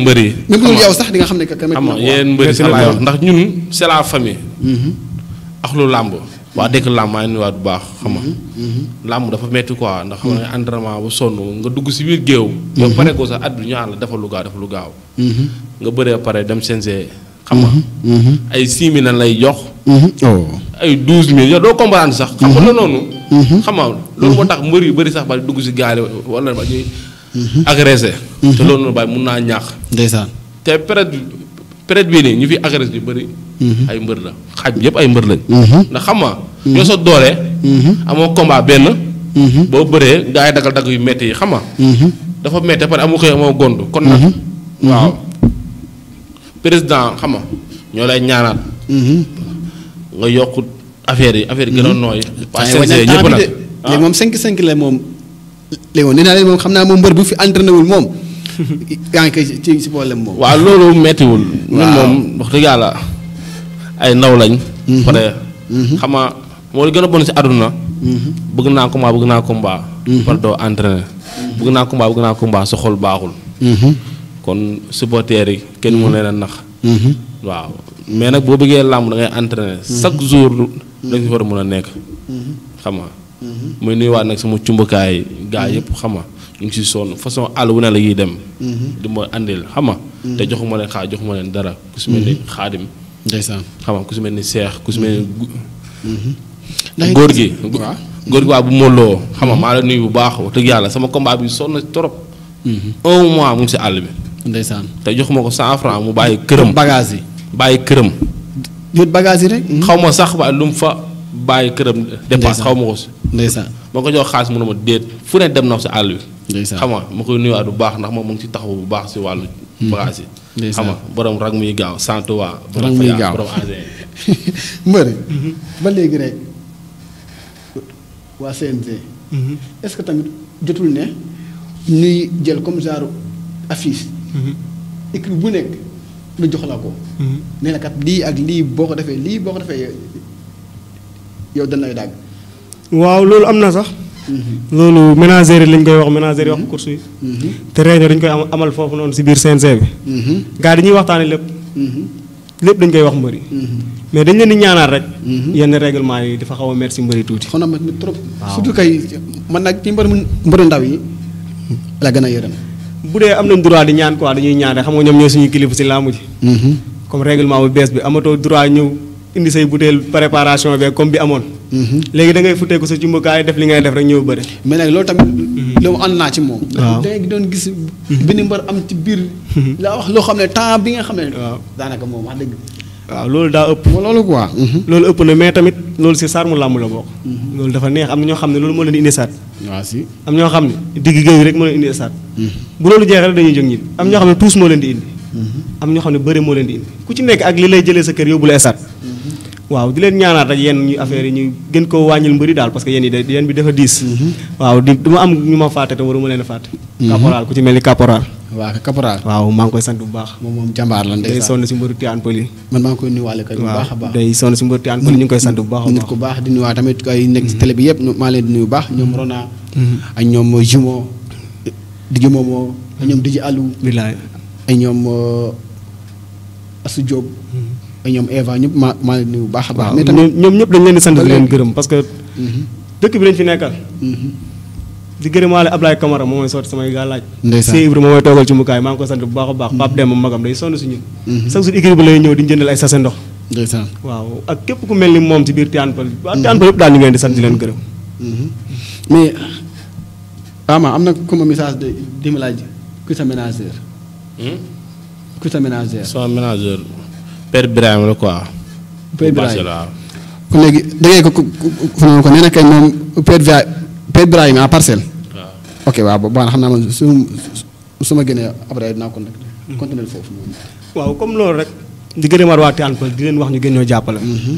yow sax di nga na
ndax ñun c'est la famille. ak lu làmb. waa dëkk làmb maa ngi nuyuwaat bu baax
xam nga. Mm-hmm, mm-hmm.
làmb dafa metti quoi ndax xam nga mm-hmm. entraînement ba nga dugg si wiir géew. ba pare ko sax at bi ñu àll dafa lu gaaw dafa lu gaaw. nga bëree pare dem CNG. xam nga ay 6 000 lay jox. Oh. ay 12 000 yow doo comprendre sax. xam nga loolu noonu. xam nga loolu moo tax mbër yu bëri sax ba dugg si gaale wala ba ñuy agressé. te loolu noonu bàyyi mun naa ñax ndeysaan te peut période bii nii ñu fi agresse yu bëri. Mhm. ay mbër la xaaj bi yëpp ay mbër lañ. Mhm. ndax xam nga. yoo soo doole mhm. amoo combat benn. boo bëree gaa yi dagal dagg yu métti yi xam nga. dafa métti pare amu xëy amoo gond kon nag. waaw président xam nga ñoo lay ñaanal. nga yokk affaire yi affaire yi gën a nooy. waa CNG ñëpp nag
léegi la moom. léegi moom nee naa leen moom xam naa moom mbër bu fi entraîné wul moom. yaa ngi koy ci ci problème boobu. waaw loolu
méttiwul. ñun moom wax yàlla ay ndaw lañ. Mm-hmm. pare mm-hmm. xam moo li gën a bon si àdduna. Mm-hmm. bëgg naa combat bëgg naa combat. par doo bëgg naa combat bëgg naa combat sa xol baaxul. kon supporters yi kenn mu leen a nax. waaw mais nag boo bëggee làmb da ngay entraîner chaque jour da nga war a a nekk. xam nga muy nuyuwaat nag sama cumbukaay gaa yëpp xam nga ñu si sonn façon àll wu ne la ñuy dem. Mhm. di ma andil xam nga. Mhm. te joxuma leen xaar joxuma leen dara. ku si mel ni mhm. xaadim. ku si mel ni seex ku si mel gi góor gi xam nga maa bu baax wax yàlla sama combat bi sonn trop. un mois mu ngi si àll bi. ndeysaan te joxuma ko cent franc mu bàyyi këram. bagage yi bàyyi këram.
yóot yi rek. xaw ma
sax ba lu mu fa bàyyi këram. dépense xaw ma ko si. ndeysaan ma ko jox xaalis mu ne ma déet fu ne dem na si àll bi. xam nga ma koy nuyuwaat bu baax ndax moom mu ngi ci taxaw bu baax si wàllu bagaas hmm. yi xam nga borom rag muy gaaw sant waa borom muy gaaw borom agent
mbër mhm. ba léegi rek waa CNG mhm. est-ce que tamit jotul ne ñuy jël comme genre affiche mhm. écrit bu nekk lu jox la ko nee kat lii ak lii boo ko defee lii boo ko defee yow dañ lay dàgg
waaw loolu am na sax Mm-hmm. loolu ménagères yi lañ koy wax ménagères yi wax mm-hmm. course yi. Mm-hmm. te réunion dañ koy amal foofu noonu si biir CNG bi. gars dañuy waxtaanee lépp. lépp dañ koy wax mbëri. mais dañ leen di ñaanaat rek. yenn règlement yi dafa xaw a mer si mbëri tuuti. xanaa ma trop. surtout kay man nag ci mbër mbëru ndaw yi la gën a yërëm. bu dee am nañ droit di ñaan quoi dañuy ñaan rek xam nga ñoom ñooy suñu kilifa si làmb ji. comme règlement bu bees bi amatoo droit ñëw. indi say butéel préparation beeg comme bi amoon. Mhm. léegi da ngay futteeku sa cumbukaay def li ngay def rek ñëw bëri. mais nag loolu tamit. Mhm. loolu ànd naa ci moom. waaw da
ngay doon gis. Mhm. benn mbër am ci biir. laa wax loo xam ne temps bi nga xam ne. daanaka moom wax dëgg.
loolu daa ëpp. loolu quoi. loolu ëpp na mais tamit loolu si sarmu làmb la bokk. loolu dafa neex am ñoo xam ne loolu moo leen indi saat. waaw am ñoo xam ne digg géej rek moo leen indi saat. bu loolu jeexee rek dañuy jóg ñibbi am ñoo xam ne tuus moo leen di indi. am ñoo xam ne bëri moo leen di indi ku ci nekk ak li lay jëlee sa kër yóbbu la esaat Wow, di leen ñaanaat ak yenn ñu affaire yi ñu gën koo wàññil mbëri daal parce que yéen yi yéen bi dafa diis mhm. waaw di duma am ñu ma fàtte te waruma leen fàtte mhm. caporal ku ci mel ni caporal waaw caporal waaw maa ngi koy sant bu baax moom moom jàmbaar la day sonn si mbëru tiyaan pëli man maa ngi
koy nuyuwaale kay bu baax a baax day sonn si mbëru tiyaan pëli ñu ngi koy sant bu baax nit ku baax di nuyuwaat tamit ay nekk ci télé bi yëpp maa leen di nuyu baax ñoom mhm. rona ak ñoom jumo digi momo ñoom alu bilaay ay ñoom euh, asu job ñoom Eva ñëpp maa maa leen bu baax a baax. mais tamit ñoom ñëpp dañ leen di sant di leen
gërëm parce que. Mm-hmm. dëkk bi lañ fi nekkal. Mm-hmm. di gërëmaale Ablaye Camara moom mooy sotti samay gaa laaj. ndeysaan Sèye Ibrahima mooy toogal ci mukaay maa ngi ko sant bu a baax. Mm-hmm. Pape Demba magam day sonn si ñun. ay sase ndox. ndeysaan ak képp ku mel ni moom ci biir Tivaouane Peulh. waaw Tivaouane Peulh yëpp daal ñu ngi leen di sant di leen gërëm. mais ama am na ku ma message de di ma laaj
sa ménagère. ku sa ménagère. Hmm? Père Birame la quoi. Père Birame waaw. kon léegi déggee ko fu ko nee na kay moom Père Birame Père Birame à parcelle. ok waaw boobu xam naa man su
su ma gënee après dinaa continuer. Hmm. continuer foofu waaw comme loolu rek. di gërëmaat waa Tivaouane Peulh di leen wax ñu gën ñoo jàppale. Hmm.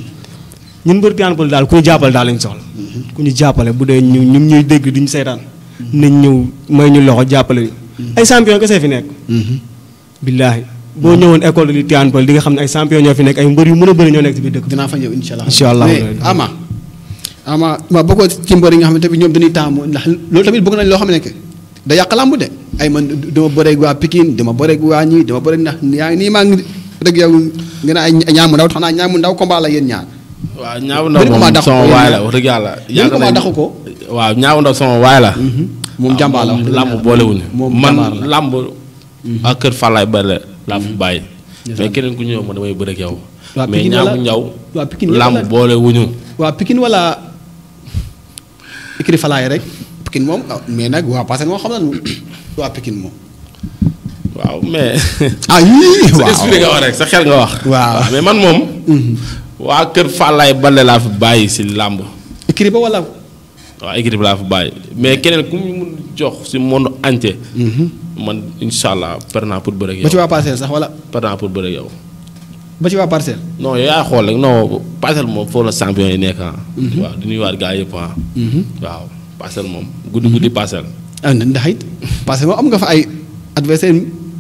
ñun mbër Tivaouane Peulh daal ku ñu jàppale daal lañ soxla. Hmm. ku ñu jàppale bu dee ñu ñu ñuy dégg duñu seetaan. nañ ñëw may ñu loxo jàppale. ay champion kese fi nekk. billaahi. boo ñëwoon école di Tivaouane Peulh di nga xam ne ay champion ñoo fi nekk ay mbër yu bëri ci dëkk fa ama ama ma bokkoo
ci mbër yi nga xam ne tamit ñoom dañuy taamu ndax loolu tamit bëgg nañ loo xam ne da yàq lamb de ay man dama bëreeg waa Pikine dama bëreeg waa ñii dama bëreeg ndax yaa ngi nii maa ngi dëgg yow nga ne ay ñaamu ndaw tax naa ñaamu ndaw combat la yéen ñaar
waaw ñaaw ndaw moom sama waay la wax dëgg yàlla yàgg nañ daxu ko waaw ñaaw ndaw la mhm. man Bale laa fi bàyyi. mais keneen ku ñëw ma damay bëre ak yow.
ñaamu ñaw. waa Pikine làmb boole wuñu. waa Pikine wala Ikri Falaay rek Pikine moom ah, mais nag waa Passe moo xam lan waa Pikine moom. waaw mais.
ah yii
waaw sa esprit nga wax
rek ah, man moom. Mhm. waa kër Falaay Bale laa fi bàyyi si làmb. Ikri ba wala. waaw équipe laa fa bàyyi mais keneen ku ñu mun jox si mhm. naa pour bëre ak yow. ba ci waa parcelle sax wala. pare naa moom yi nekk ah. Mhm. waaw du nuyuwaat
gars am nga fa ay adversaire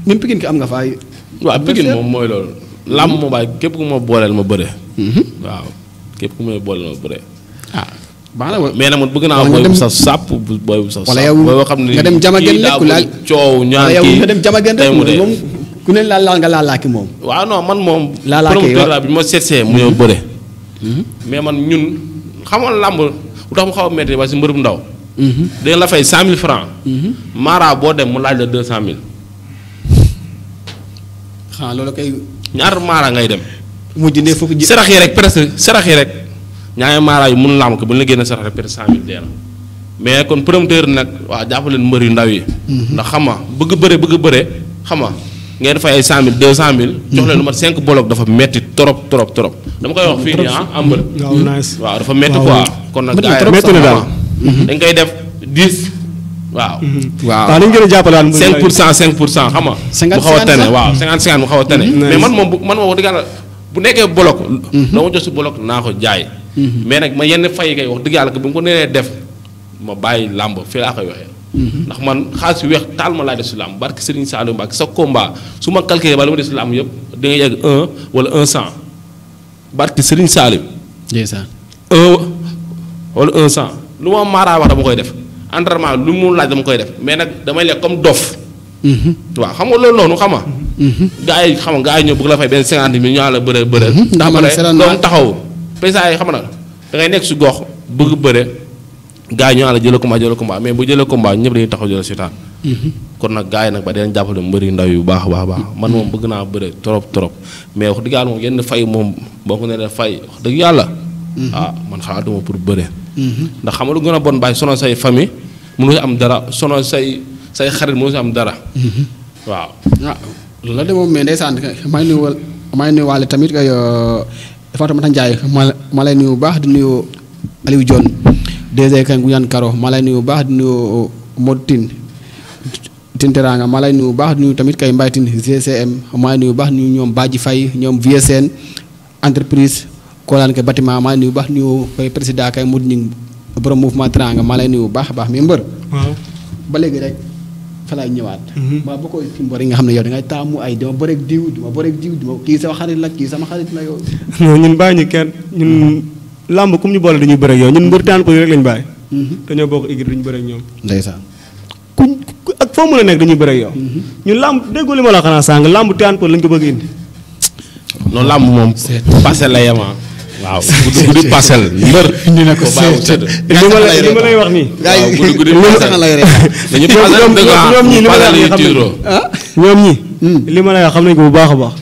même Pikine ki am nga fa ay. waaw mooy loolu. làmb moom ma
booleel ma bëre. Mhm. waaw képp ku may booleel ma bëre. baax na mais nag man bëgg naa booy bu saf sàpp booy bu saf sàpp. wala yow nga dem jama gën nekk ku nga dem jama gën
rek moom man moom. laalaaki waaw
hmm? mais man ñun xamoon làmb lu tax mu xaw a métti parce que mbërëb ndaw. Hmm? Hmm? boo dem laaj la cent mille. xanaa loolu ñaar mara ngay dem.
mujj ne foofu ji sarax yi rek
presque sarax yi rek. ñaari maaraay yu mun laam ko bu ñu la génnee sarax rek peut-être cent mille dee na mais kon promoteur nag waaw jàppaleen mbër yu ndaw yi mhm. ndax xam nga bëgg bëre bëgg bëre xam nga ngeen fay ay cent mille cent mille jox leen lu mat cinq bloc dafa metti trop trop trop dama koy wax fii nii ah ambër dafa metti quoi kon na daal dañ koy def dix waaw. Mhm. waaw waaw li ñu gën a jàppale daal 5 pour cent 5 pour cent xam nga. a tane waaw 50 50 man moom man moom wax dëgg yàlla bu nekkee bolok. Mhm. dama jox si bolok naa ko jaay. Mm-hmm. mais nag ma yenn fay kay wax dëgg yàlla que bu ko nee def ma bàyyi làmb fii laa koy waxee. Mm-hmm. ndax man xaalis yu weex taal ma laa def si làmb barke Serigne Saliou Mbacke sa combat su ma calculé ba li ma def si làmb yëpp da nga yegg un wala un cent barke Serigne Saliou. ndeysaan un wala un cent lu ma maaraa wax dama koy def entraînement lu mu laaj dama koy def mais nag damay lekk comme dof. Mm-hmm. waaw xam lool loolu noonu xam nga. gaa yi xam nga gaa yi ñëw bëgg la fay benn cinquante mille ñu la bëre bëre.
ndax man
taxaw. pesa xam na da ngay nekk su gox bëgg bëre gaay ñu ala jël combat jël combat mais bu jël combat ñëpp dañuy taxaw jël setan mhm. kon nak gaay nak ba dañ jappale mbeuri ndaw yu baax baax baax man mom bëgg na bëre trop trop mais wax digal mom yenn fay mom boko ne fay wax deug yalla mhm. ah man xalatuma pour bëre mhm. ndax xam xamalu gëna bon bay sono say famille mënu am dara sono say say xarit mënu am dara
waaw ah, la de mom mais ndaysan may ni wal may ni walé tamit kay euh, Fatou Ndiaye ma lay nuyu bu baax di nuyu Aliou Dione DG Kang gu ñaan Karo ma lay nuyu bu baax di nuyu Modou Tinteranga ma lay nuyu baax di nuyu tamit kay Mbaye GCM ma lay nuyu baax nuyu ñoom Badji VSN entreprise kolan ke bâtiment ma lay nuyu bu baax nuyu kay président kay Modou borom mouvement Teranga ma lay nuyu baax baax mi waaw ba léegi rek. fa laay ñëwaat maa ba koy suñu nga xam ne yow da ngay taamu ay dama bëreeg diw dama bëreeg diw dama kii sama xarit la kii sama xarit la yow
ñun bàyyi ñu kenn ñun mhm. làmb comme ñu boole dañuy bëreeg yow ñun lañu bàyyi mhm. dañoo bokk igir duñu bëreeg ñoom ndeysaan kuñ nekk dañuy bëreeg yow mhm. ñun làmb déggoo li ma la xanaa sàng làmb taan ko lañ ko bëgg indi non làmb moom passé la yema
ah. waaw guddi guddi parcelle mbër indi na ko seet li ma lay
li ma lay wax nii. waaw guddi ñoom ñii li ma wax ñoom ñii. li xam nañ ko bu baax a baax.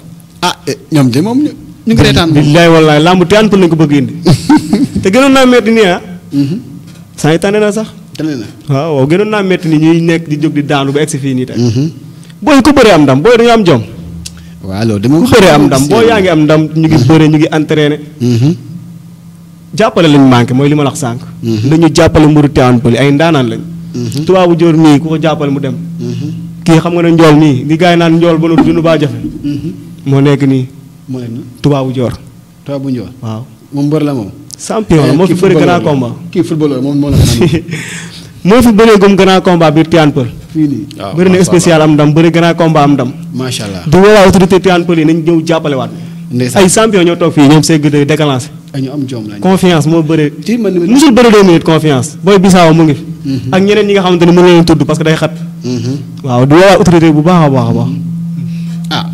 ah ñoom de moom ñu ngi reetaan. billaay wallaay làmb te ànd lañ ko bëgg indi. te gënoon naa metti nii ah. saa yi tànne na sax. tànne na waaw waaw gënoon naa metti nii ñuy nekk di jóg di daanu ba egsi fii nii tey. booy ko bëri am ndam booy dañu am jom. waaw loolu dama bëri am ndam boo yaa ngi am ndam ñu ngi bëre ñu ngi entraîné. Mm-hmm. jàppale lañ manqué mooy li ma la sànq. nañu mm-hmm. jàppale mburu Tivaouane Peulh ay ndaanaan lañ. Mm-hmm. tubaabu joor mii ku ko jàppale mu dem. kii xam nga ne njool nii li gars yi naan njool ba nu dund baa jafe. moo nekk nii. mooy tubaabu joor.
tubaabu joor waaw. moom mbër la moom. champion la eh, moo fi bëri grand combat. kii footballeur moom moo la
moo fi gum grand combat biir Tivaouane fii nii bëri na spécial am ndam bëri grand combat am ndam macha allah du waa autorité Tivaouane Peulh yi nañ ñëw jàppale waat ay champion ñoo toog fii ñoom segg de décalance ñu am jom lañ confiance moo bëri musul bëri deux minutes confiance booy bisaaw mu mhm. ngi ak ñeneen ñi nga xamante ne mën leen tudd parce que day xat mhm. waaw du autorité bu baax a baax a baax ah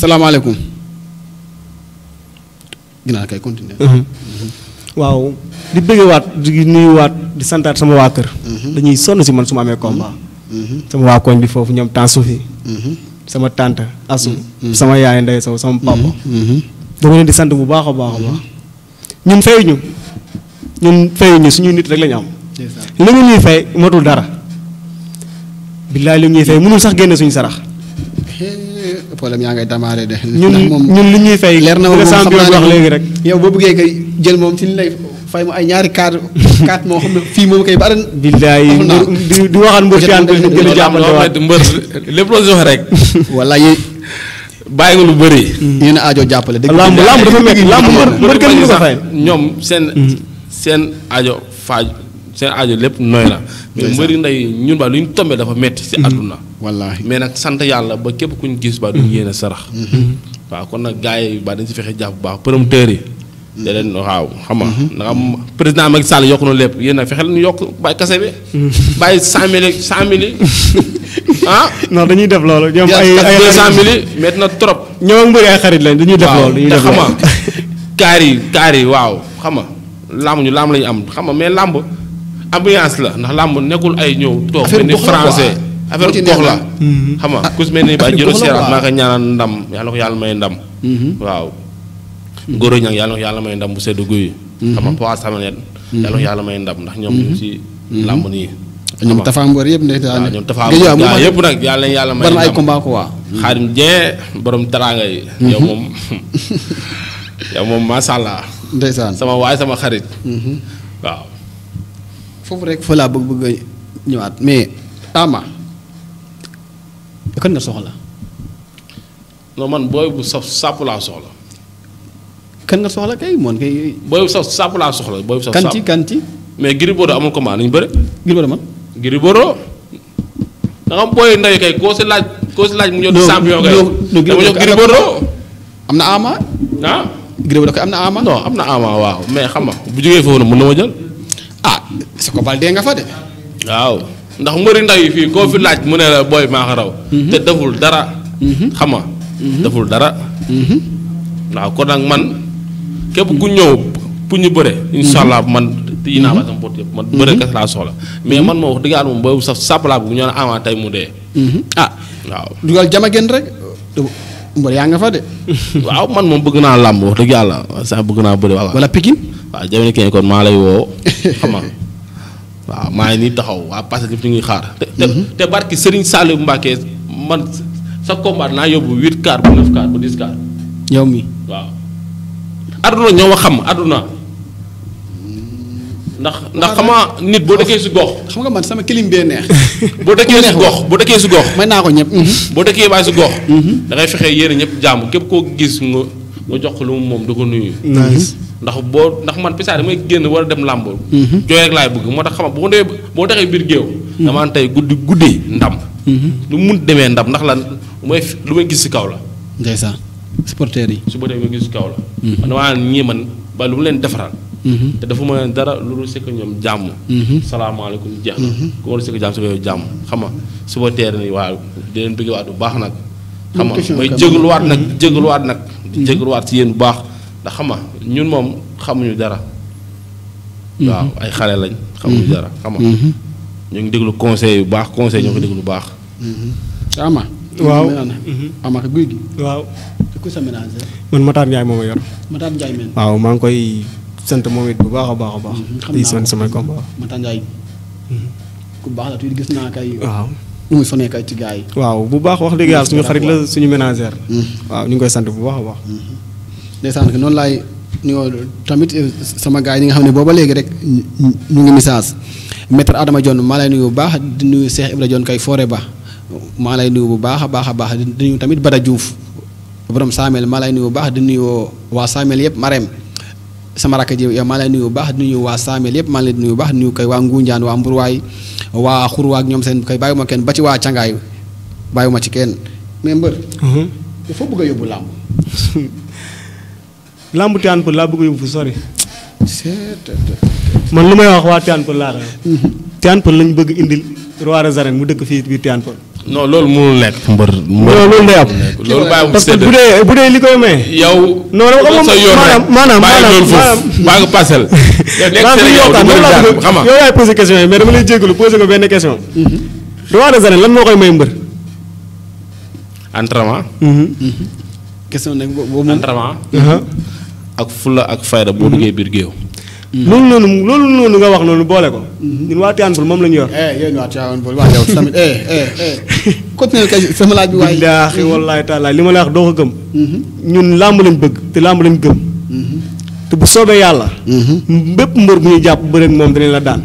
salaamaaleykum ginnaaw kay continuer
Wow, di bëggewaat di nuyuwaat di santaat sama waa kër mhm. dañuy sonn si man su ma amee combat mhm. sama waa koñ bi foofu ñoom temps suufi mhm. sama tante asu sama yaay ndey saw sama papa dama leen di sant bu baax a baax a baax ñun fayuñu ñun fayuñu suñu nit rek lañu am li ñu ñuy fay dara billaay li ñuy fay mënul sax génne suñu sarax
problème yaa ngay démarrer de.
ñun ñun li ñuy fay. leer na moom xam naa wax léegi rek.
yow boo bëggee kay jël moom ci li lay fay mu ay ñaari cadre cadre moo xam ne fii moom kay bari.
billaay di
di waxal mbër fiyaan bi ñu gën a jàppale mbër lépp loo joxe rek. wala yi bàyyi nga lu bari ñu ne jàppale. dëgg lamb lamb dafa métti lamb mbër mbër kenn mënu
ñoom seen mm. seen ajo faaj. seen aajo lépp nooy na. mais mbëri ndey ñun ba lu ñu tombé dafa metti si mhm. àdduna. wallaahi mais nag sant yàlla ba képp ku ñu gis ba duñu mhm. yéene sarax. Mhm. waaw kon nag gars yi ba dañ si fexe jàpp bu baax promoteur yi. da leen waaw xam nga. président Macky Sall yokk na lépp yéen nag fexe leen yokk bàyyi kase bi. bàyyi cent mille cent mille
ah. non dañuy def loolu. ñoom ay ay deux cent mille métti na trop. ñoom ak mbëri ay xarit lañ dañuy def
loolu. dañuy def loolu te xam nga kaar yi kaar yi waaw xam nga làmb ñu làmb la ñu am xam nga mais làmb. ambiance la ndax lamb nekul ay ñew tok ni français affaire dox la xam nga kus melni ba jëru seeraat ma ko ñaanal ndam yalla ko yalla may ndam mm-hmm. waaw goro ñang yalla ko yalla may ndam bu sedd guy mm-hmm. xam nga poids samanet yalla ko yalla may ndam ndax ñom ñu ci lamb ni
ñom tafa mbeur yeb ndey daal ñom tafa mbeur yeb nak yalla yalla may ndam ban ay combat
quoi mm-hmm. khadim je borom taranga yi yow mom
yow mom ma sha Allah ndeysan sama way sama xarit waaw fofu rek fa la bëgg bëgg ñëwaat mais ama kan nga soxla.
no man boy bu saf sàpp la soxla.
kan nga soxla kay mon kay.
boy bu saf sàpp la soxla boy bu saf. kanti kanti. mais Gris Bordeaux amul ma ñu bëre. Gris Bordeaux man. Gris Bordeaux. da nga boy ndey kay ko ci laaj ko ci laaj mu ñu champion kay dama ñu Gris Bordeaux. am na ama. ah. Gris Bordeaux kay amna ama. non amna ama waaw mais xam nga bu jógee fofu nag ma jël. ah sa ko bal nga fa de. waaw ndax mbëri ndaw yi fii koo fi laaj mu ne la booy maa raw. Mhm. te deful dara. Mhm. xam nga mhm. deful dara. waaw kon nag man képp ku ñëw pour ñu bëre. incha allah man yi naa ba sama pot yëpp man bëre kese laa soxla. mais man moo wax dëgg yàlla moom boobu sax sàpp laa bëgg ñu ne tey mu dee.
ah waaw dugal jama gën rek. mbër yaa nga fa de. waaw man moom
bëgg naa làmb wax dëgg yàlla sax bëgg naa bëri wala. wala pikin. waaw jamono kii kon maa lay woo xam waaw maa ngi nii taxaw waa parce que ñu ngi xaar. te te mhm. barki Serigne Saliou Mbacke man sa combat naa yóbbu huit car bu neuf car bu dix car. yow mi waaw. àdduna ñoo wax xam àdduna. ndax ndax xamaa nit boo dëkkee si gox. xam nga man sama kilim bee neex. boo dëkkee si gox boo dëkkee si gox.
may naa ko ñëpp. Mm-hmm.
boo dëkkee baay si gox. Mm-hmm. dangay fexe yéene ñëpp jàmm képp koo gis nga nga jox ko lu mu moom du ko nuyu. Mm-hmm. ndax boo ndax man pisaar damay génn war a dem làmb. jooy rek laay bëgg moo tax xama boo dee boo dexee biir géew. dama an tey guddi guddi ndam. lu mu mun demee ndam ndax la lu may lu may gis si kaw la.
ndeysaan supporters yi.
supporters yi may gis si kaw la. man damaa ñii man ba lu mu leen defaral Mm-hmm. te dafa ma dara lu loolu sekk ñoom jàmm. Mm-hmm. salaamaaleykum jeex na. Mm-hmm. ku war a sekk jàmm sekk yow jàmm xam nga suba teer ni waaw di leen bëgg waat bu baax nag. xam nga may jégaluwaat nag jégaluwaat nag. di jégaluwaat si yéen bu baax ndax xam nga ñun moom xamuñu dara. waaw ay xale lañ. xamuñu dara xam ñoo ngi déglu conseil yu baax conseil ñoo ko déglu baax.
ama waaw ama guy
man Matar Ndiaye moo ma yor. waaw maa koy. sant moom it bu baax a baax a baax. di sant samay combat.
Mata Ndiaye. Mhm. ku baax la tuuti gis naa kay. waaw nu muy sonee kay ci gars yi.
waaw bu baax wax dëgg yàlla suñu xarit la suñu ménagère. Mhm. waaw ñu ngi koy sant bu baax a baax. Mhm.
ndeysaan noonu laay nuyoo tamit eh, sama gars yi nga xam ne booba léegi rek ñu ngi message maître Adama Dione maa lay nuyu bu baax di nuyu Cheikh Ibrahima Dione kay foore ba maa lay nuyu bu baax a baax a baax di nuyu tamit Bada Diouf borom Samel maa lay nuyu bu baax di nuyu waa Samel yëpp Marème. sama rakk ji yow maa lay nuyu bu baax nuyu waa Saamel yëpp maa lay bu baax nuyu koy waa Ngunjaan waa Mburwaay waa Xurwaak ñoom seen koy ma kenn ba ci waa Cangaay ma ci kenn mais mbër. Mhm.
il faut bëgg a yóbbu làmb. làmb Tivaouane Peulh laa bëgg a yóbbu fu sori. man lu may wax waa Tivaouane Peulh laa mhm. la. bëgg indil roi des arènes mu dëkk fii biir Tivaouane Peulh
non loolu mënul nekk. mbër mbër loolu day am. loolu bàyyi parce que bu dee bu dee
li koy may. yow. non sa yoon rek maanaam maanaam
maanaam parcelle.
yow yaay posé question yi mais dama lay jégalu posé mhm. moo koy may mbër. entraînement. Mhm.
question nag uh-huh. ak fula ak fayda boo duggee mhm. biir géew.
loolu noonu loolu noonu nga wax noonu boole ko. Mm-hmm. ñun waa Tivaouane Peulh moom la ñu yor. Eh, yéen waa Tivaouane eh, eh, sama laaj bi waaye. billaahi mm-hmm. wallaahi taala li ma la wax doo ko gëm. Mm-hmm. ñun làmb lañ bëgg te làmb lañ gëm. te bu soobee yàlla. bépp mbër bu ñuy jàpp bëre ak moom dinañ la daan.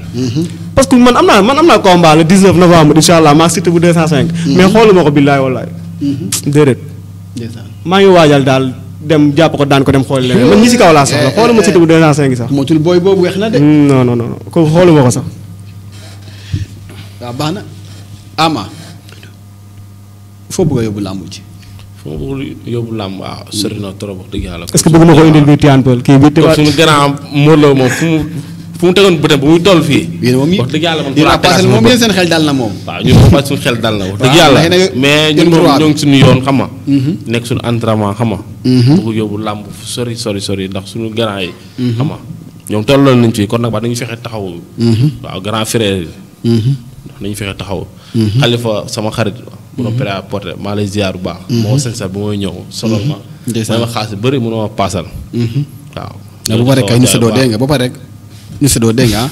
parce que man am naa man am naa combat le 19 novembre incha allah maa Siteu bu 205. mais xooluma ko billaahi wallaahi. déedéet. maa ngi waajal daal. dem jàpp ko daan ko dem xool leneen man ñi si kaw laa soxla xooluma Siteu bu deux cent cinq sax. motul booy boobu weex na de. Mm, non non ko xooluma ko sax.
foo bëgg yóbbu làmb ji. foo bëgg yóbbu làmb waaw sori trop wax yàlla. est-ce bëgguma ko indil biir
Tivaouane Peulh kii biir. suñu grand
Modou Lo moom fu mu. fu mu tegoon bëtam bu muy toll fii. yéen moom wax dëgg yàlla man. yéen passé moom yéen xel dal na moom. waaw ñun moom ak xel dal na wax dëgg yàlla mais ñun moom ngi suñu yoon xam nga. nekk entraînement xam nga. sori sori sori ndax grand yi. ci kon ba dañu mhm. grand frère mhm. ndax nañu mhm. sama xarit. bu ma prêt à porter lay ziar bu baax. moo sensal bu may ñëw solol ma. ndeysaan ma xaalis bëri mënoo
ma bu kay ñu sa nga ñu séddoo dégg nga ah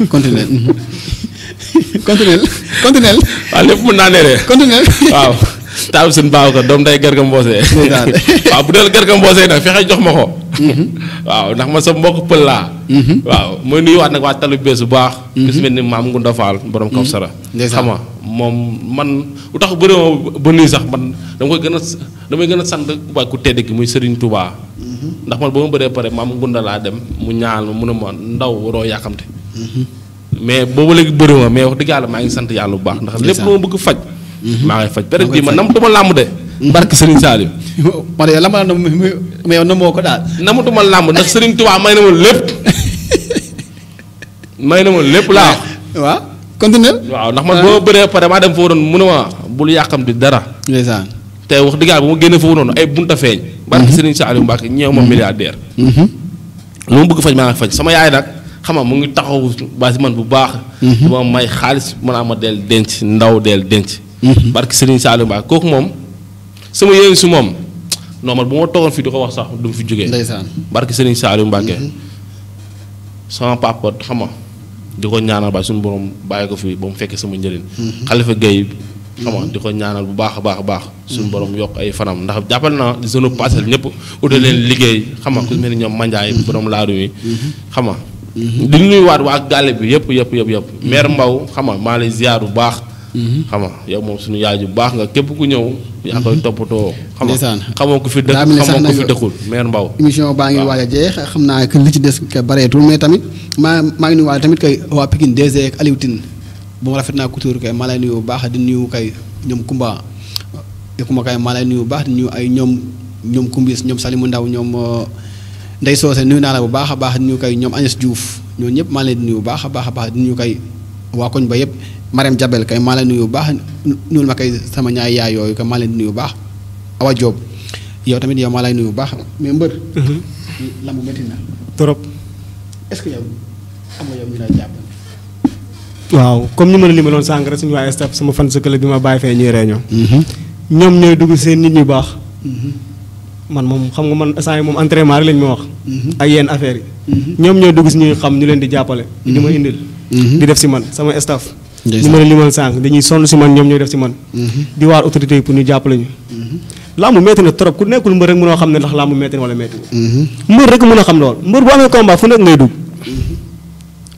waaw lépp mën naa neree. continué
waaw. taabu suñu baaw ko doom day Garga waaw bu dee Garga nag fexe jox ma ko. Mhm. waaw ndax ma sa mbokk pël laa. Mhm. waaw mooy nuyuwaat nag waa talu bu baax. Mhm. gis mel ni maam Ngunda Fall borom kaw sara xam moom man lu tax bëri ma ba nuyu sax man dama koy gën a damay gën a sant waa ku tedd ki muy Serigne Touba. ndax man ba ma bëree pare maam laa dem mu ñaal ma mun a ma ndaw waroo yàkkamte mm-hmm. mais boobu léegi bëri mais wax dëgg maa ngi sant yàlla bu baax ndax lépp lu ma bëgg faj mm-hmm. maa ngay faj période bii man nam duma làmb de mm-hmm. barke Serigne Saliou
man yow lama na mais yow namoo ko daal
namatuma na ma lépp may na ma lépp laa waaw continuer waaw ndax man boo bëree pare maa dem foofu doon mun a ma bul yàkkamti dara ndeysaan te wax dëgg yàlla bu ma génnee foofu noonu ay bunta feeñ barki mhm. serigne saliou mbake ñew mo mhm. milliardaire -hmm. lu mu bëgg faj ma faj sama yaay nak xama mu ngi taxaw ba ci man bu baax mhm. dama may xaaliss mo na ma del denc ndaw del denc barki serigne saliou mbake koku mom sama yeen su mom normal bu mo togon fi diko wax sax du fi joge ndaysan barki serigne saliou mbacke sama papa xama diko ñaanal ba sun borom baye ko fi mu fekke sama njëriñ khalifa geey xam di ko ñaanal bu baax a baax a baax. suñu borom yokk ay fanam ndax jàppal naa zone parcelle ñëpp uta leen liggéey xam nga ku mel ni ñoom Mandiaye borom laaru yi xam nga di nuyuwaat waa gàlle bi yëpp yëpp yëpp yëpp maire Mbaw xam nga maa lay ziar bu baax xam nga yow moom suñu yaay bu baax nga képp ku ñëw yaa koy toppatoo xam nga xamoo ko fi dëkk xamoo ko fi dëkkul maire Mbaw
émission baa ngi waaj a jeex xam naa que li ci des ka bareetul mais tamit maa maa ngi nuyuwaat tamit kay boobu rafet naa couture kay maa lay nuyu bu baax di nuyu kay ñoom Kumba eh, Kumba kay maa lay nuyu bu baax di nuyu ay ñoom ñoom Kumbis ñoom Salimu Ndaw ñoom uh, Ndey Soose nuyu naa la bu baax a baax di nuyu kay ñoom Agnès Diouf ñooñu ñëpp maa lay nuyu bu baax a baax a baax di nuyu kay waa koñ ba yëpp Marème Jabel kay maa lay nuyu bu baax nuyu ma kay sama ñaay yaay yooyu kay maa lay nuyu bu baax Awa Diop yow tamit yow maa lay nuyu bu baax mais mbër. Mhm. lamb métti na. trop. yow am nga
waaw comme ñu mën a limaloon sànq rek suñu waa staff sama fan sa bi ma bàyyi fee ñuy réunion. Mhm. ñoom ñooy dugg seen nit ñu baax. Mhm. man moom xam nga man saa yi moom entraînement rek lañ ma wax. Mhm. ak yenn affaires yi. ñoom ñooy dugg si ñuy xam ñu leen di jàppale. di ma indil. di def si man sama staff. ni mën a limal sànq dañuy sonn si man ñoom ñooy def si man. di waar autorité yi pour ñu jàppale ñu. làmb metti na trop ku nekkul mbër rek mënoo xam ne ndax làmb metti na wala meten, mbër rek mën a xam lool mbër bu amee combat fu nekk ngay dugg.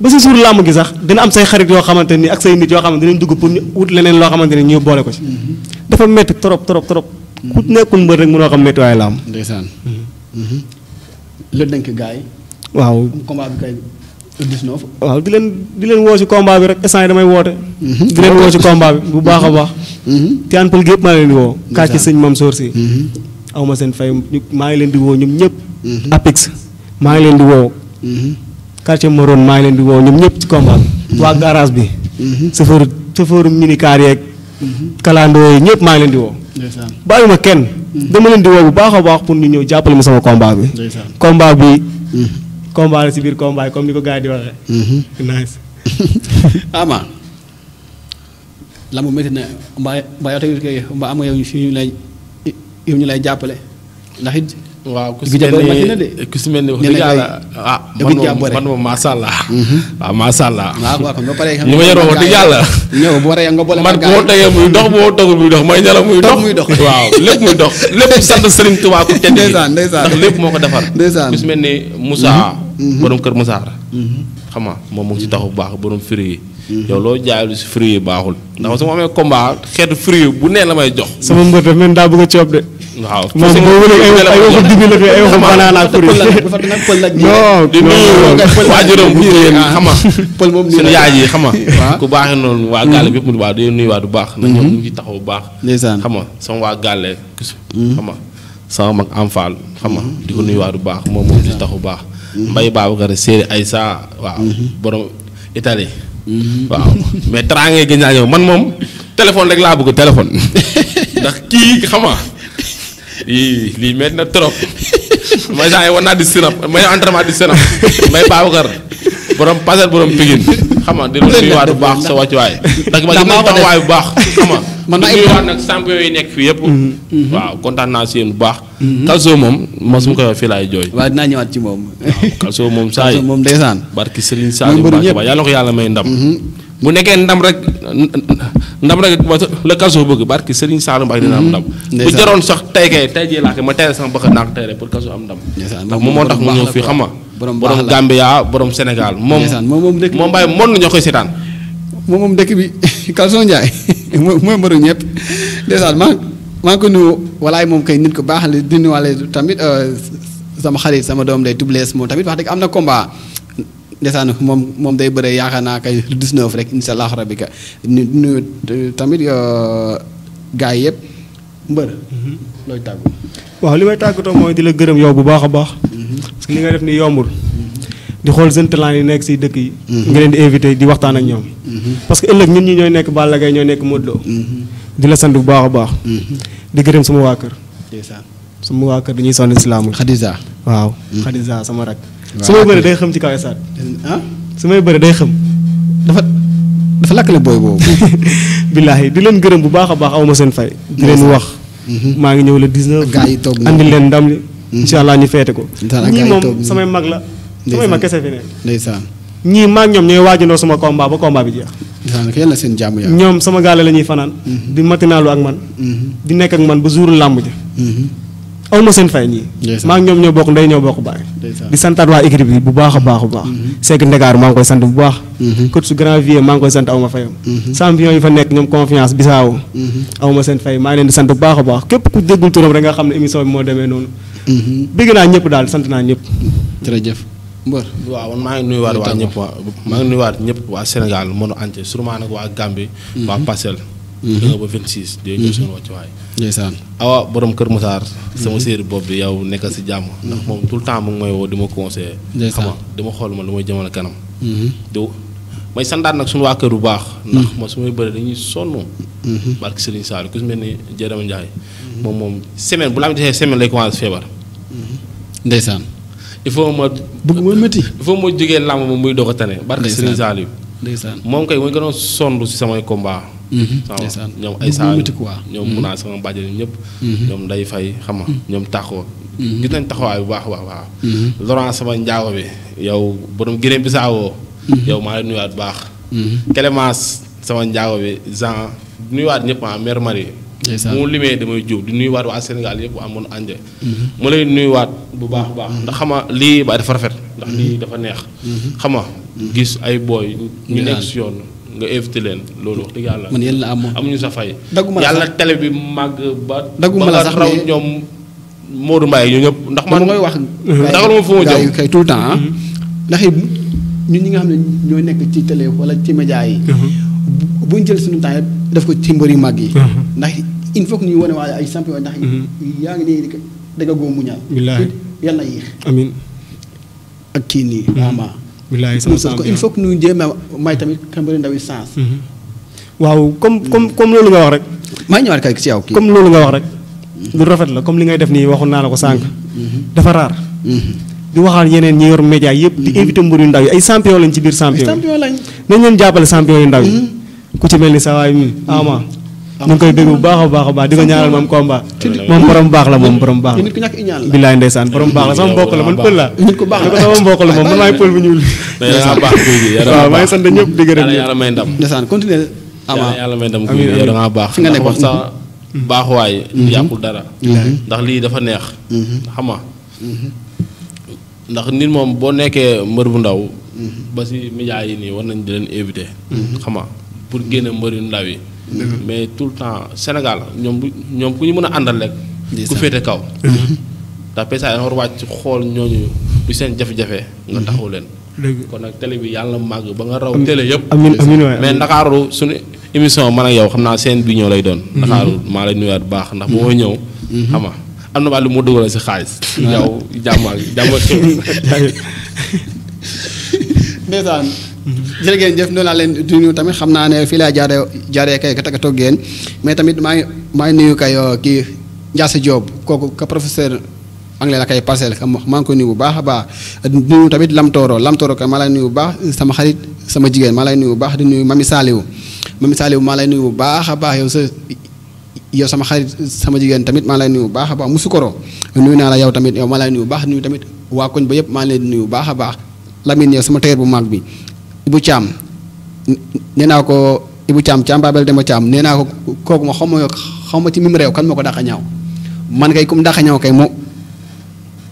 ba si suur làmb gi sax dina am say xarit yoo xamante ni ak say nit yoo xamante dinañ dugg pour ñu wut leneen loo xamante ni ñuy boole ko ci. Mm-hmm. dafa métti trop trop trop. ku mm-hmm. nekkul mbër rek mënoo xam métti waaye làmb.
ndeysaan. Mm-hmm. la dénk gars yi. waaw combat bi kay.
waaw di leen di leen woo ci combat bi rek instant yi damay woote. di leen woo ci combat bi bu baax a baax. Tivaouane Peulh gépp maa leen di woo. kaa ci sëñ Mame Sor si. aw ma seen fay maa ngi leen di woo ñoom ñëpp. Apix maa ngi leen di woo. quartier Morone maa ngi leen di woo ñoom ñëpp ci combat bi. Mhm. waa garage bi. Mhm. chauffeur chauffeur minicar yeeg. Mhm. kalandoo yi ñëpp maa ngi leen di woo. bàyyi ma kenn. dama leen di woo bu baax a baax pour ñu ñëw jàppale ma sama combat bi. combat bi. si biir combat comme ni ko gars yi di waxee. nice. ama lamb métti na mbaa mbaa yow tamit
mbaa am nga yow ñu lay jàppale ndax waaw ku si mel ni ku si mel ni wax dëgg yàlla ah man moom man moom
macha allah. waaw macha allah. waaw kon ba pare xam nga ma yoroo wax dëgg yàlla.
ñëw bu waree nga boole man boo tegee muy dox
boo togul muy dox may ñala muy dox muy dox waaw lépp muy dox lépp sant Serigne Touba ku tedd ndeysaan ndeysaan ndax lépp moo ko defar ndeysaan ku si mel ni Moussa borom kër Moussa xam nga moom mu ngi si taxaw bu baax borom fruit yi yow loo jaayul si fruit yi baaxul ndax su ma amee combat xeetu fruit bu nee la may jox
sama mbër daf daa bëgg a coob de waaw moom moo wëree ay ay waxu digg la fi ay
waxu waajuram bu jigéen ah. xam nga pël moom seen yaay yi xam nga
waa mu baax day waa du baax na ñoom ñu ngi taxaw bu baax ndeysaan xam nga sama waa gàlle mhm. xam nga sama mag am faal xam nga mhm. di ko nuyu waa baax moom moom di taxaw baax mhm. mbay Babacar séeri ay saa waaw borom Italie waaw mais teraange gën naa ñëw man moom téléphone rek laa bëgg téléphone ndax kii xam lii métti na trop may saa yi war naa di sinap may entraînement di sinap borom passer borom Pikine xam nga di la nuyuwaat bu baax sa wàccuwaay. ndax maa ko taxawaay nekk fii yëpp. Mm-hmm. Mm-hmm. waaw kontaan naa si bu baax. Mm-hmm. Kalso moom mos mu koy fii laay jooy. waaw dinaa ñëwaat ci moom. waaw Kalso moom saa yi moom ndeysaan. barki Serigne Saliou Mbacke ba yàlla ko yàlla may ndam. bu nekkee ndam rek ndam rek ma la kaso bëgg barki Serigne Saalum ak dina am mhm. ndam. bu jaroon sax tey kay tey jii laa ma teel sama bëgg naa ko tey rek pour kaso am ndam. ndax moom moo tax mu ñëw fii xam nga. borom borom Gambia borom Sénégal. moom moom dëkk bi moom Baye mën nañoo koy
seetaan. moom moom dëkk bi Kalson Ndiaye mooy mbaru ñëpp ndeysaan maa maa ngi ko nuyu walaay moom kay nit ko baax la di nuyuwaale tamit euh, sama xarit sama doom day tublees moom tamit wax dëgg am na combat. ndeysaan moom moom day bëre yaakaar naa kay 19 rek incha allah rabi ka nu nuyu tamit euh, gars yi yëpp
mbër. Mm-hmm. looy tàggu. waaw li may tàggatoo mooy di la gërëm yow bu baax a baax. Mm-hmm. parce li nga def ni yombul. Mm-hmm. di xool jeune talent yi nekk si dëkk yi. nga leen di invité di waxtaan ak ñoom. parce que ëllëg ñun ñi ñooy nekk Balla Gaye ñooy nekk Modou Lo. di la sant bu baax a baax. di gërëm suma waa kër. sama waa kër dañuy sonn islam. Khadija waaw hmm. Khadija sama rak. waaw su may bëri day xam ci kaw esaat. ah hmm. su may bëri day xam. dafa dafa lakkale booy boobu. billaahi di leen gërëm bu baax a baax aw ma seen fay. di leen wax. Hmm. maa ngi ñëw le 19. gaa yi toog andil leen ndam li. incha allah ñu feete ko. ñii moom samay mag la. samay mag kese fi ne. ndeysaan ñii maag ñoom ñooy waajandoo sama combat ba combat bi jeex. yàlla seen jàmm yaa ñoom sama gaale la ñuy fanaan. di matinaalu ak man. di nekk ak man ba jour làmb ja aw ma seen fay ñi maa ngi ñoom ñoo bokk ndey ñoo bokk baay di santat waa équipe bi bu baax a baax a baax mm-hmm. seeg ndegaar maa ngi koy sant bu baax mm-hmm. coach su grand vie maa ngi koy sant aw ma fayam mm-hmm. champion yi fa nekk ñoom confiance bisaaw aw ma seen fay maa ngi leen di sant bu baax a baax képp ku déggul turam rek nga xam ne émission bi moo demee noonu bëgg naa ñëpp daal sant naa ñëpp jërëjëf
mbër waaw man maa ngi nuyuwaat waa ñëpp waa maa ngi nuyuwaat ñëpp waa Sénégal mënu entier sûrement nag waa Gambie waa 1 mm-hmm. ba 26. di ñëw seen wàccuwaay. Mm-hmm. ndeysaan awa borom Kër Massar. sama mm-hmm. séeri bopp bi yow nekkal si jàmm. ndax moom tout le temps mu ngi may ma conseillé. ndeysaan xam nga xool ma lu may jëmal kanam. di may sandaat nag suñu kër bu baax. su may bëri dañuy sonn. barke Serigne Sall ku si mel ni Jérém moom moom semaine bu la am desee semaine lay commencé feebar. ndeysaan. il faut ma. bëgg ma métti. il faut ma jógee làmb moom muy doog a tane. ndeysaan barke Serigne Sall yi. moom kay mooy gënoon sonn si samay combat Mhm. sama ñoom ay saa ñoom mun mhm. naa sama bàjjale ñëpp mhm. ñoom day fay xama ñoom tàqoo gis nañ taxawaay bu baax a baax baax Laurent sama njaago bi yow borom Guinée Bissau yow maa lay nuyuwaat baax Clémence sama njaago bi Jean nuyuwaat ñëpp ah mère Marie mu limee damay juub di nuyuwaat waa Sénégal yëpp waa mun ànde mu lay nuyuwaat bu baax baax ndax xama lii dafa rafet ndax lii dafa neex xama gis ay booy ñu nekk si yoon nga invité len loolu wax deug yalla man yalla am amuñu sa fay. daguma la télé bi mag ba. daguma la sax raw ñom Modou may ñu ñep ndax man. dama koy wax. dagaluma fu ma jëm kay tout temps ah.
mm-hmm. ndax ñu ñi nga xamne ñoy nekk ci télé wala ci média yi. Mm-hmm. buñ jël suñu temps def ko ci mbër yu màgg yi. Mm-hmm. ndax il faut que ñu wane waa ay champion ndax. yaa ngi ni da nga góob mu ñaar. yàlla yéex.
ak kii nii. waaw il faut
que ñu jéem a may tamit Cambérène ndaw yi sens
mhm. waaw comme comme comme loolu nga wax rek lu rafet la comme li ngay def nii waxoon naa la ko sànq mhm. dafa raar mhm. di waxaal yeneen ñi yor média yëpp di invité mbër yu ndaw yi ay champion lañ ci biir champion nañ leen jàppale champion yu ndaw yi ku ci mel ni sa waay ñu ngi koy dégg bu baax a baax a baax di ko ñaanal moom combat moom borom baax la moom borom baax la bilaay ndeysaan borom baax la sama mbokk la man pël la baax la la moom man maay pël bu ñuul waaw maa yàlla
may ndam ndeysaan continue ama yàlla may ndam guy yow da ngaa baax fi nga nekk wax sa baaxuwaay mm-hmm. dara mm-hmm. ndax lii dafa neex mm-hmm. xama ndax nit moom boo nekkee mbër bu ndaw ba si médias yi nii war nañ di leen éviter xama pour génne mbër yu ndaw yi mais tout le temps Sénégal ñoom bu ñoom ku ñu mën a àndal rek. ku féete kaw. ndax PSA dafa war wàcc xool ñooñu du seen jafe-jafe. nga taxaw leen. kon nag télé bi yàlla màgg ba nga raw. télé yëpp amiin amiin waay mais Ndakaaru suñu émission man ak yow xam naa seen bi ñëw lay doon. Mhm. Ndakaaru maa lay nuyuwaat bu baax ndax bu mhm. ñëw. Mhm. xam am na wàllu mu dugal si xaalis. yow jàmm ak jàmm ak
jërë ngeen jëf noonu laa leen di nuyu tamit xam naa ne fii laa jaare jaaree kay ka tagatoo ngeen mais tamit maa ngi maa ngi nuyu kay uh, kii Ndiasse Diop kooku ka professeur anglais la kay parcelle ka maa ngi koy bu baax a baax nuyu tamit Lamtooro Lamtooro kay maa lay nuyu bu baax sama xarit sama jigéen maa lay nuyu baax di nuyu Mami Saliou Mami Saliou maa lay nuyu bu baax a baax yow sa yow sama xarit sama jigéen tamit maa lay nuyu bu baax a baax musu koro nuyu naa la yow tamit yow maa lay nuyu bu baax nuyu tamit waa koñ ba yëpp maa lay nuyu bu baax a baax Lamine yow sama teer bu mag bi Ibou Thiam nee naa ko Ibou Thiam Thiam Babel Demba Thiam nee naa ko kooku ma xaw ma xaw ma ci mim réew kan moo ko dàq ñaaw man kay comme dàq ñaaw kay moom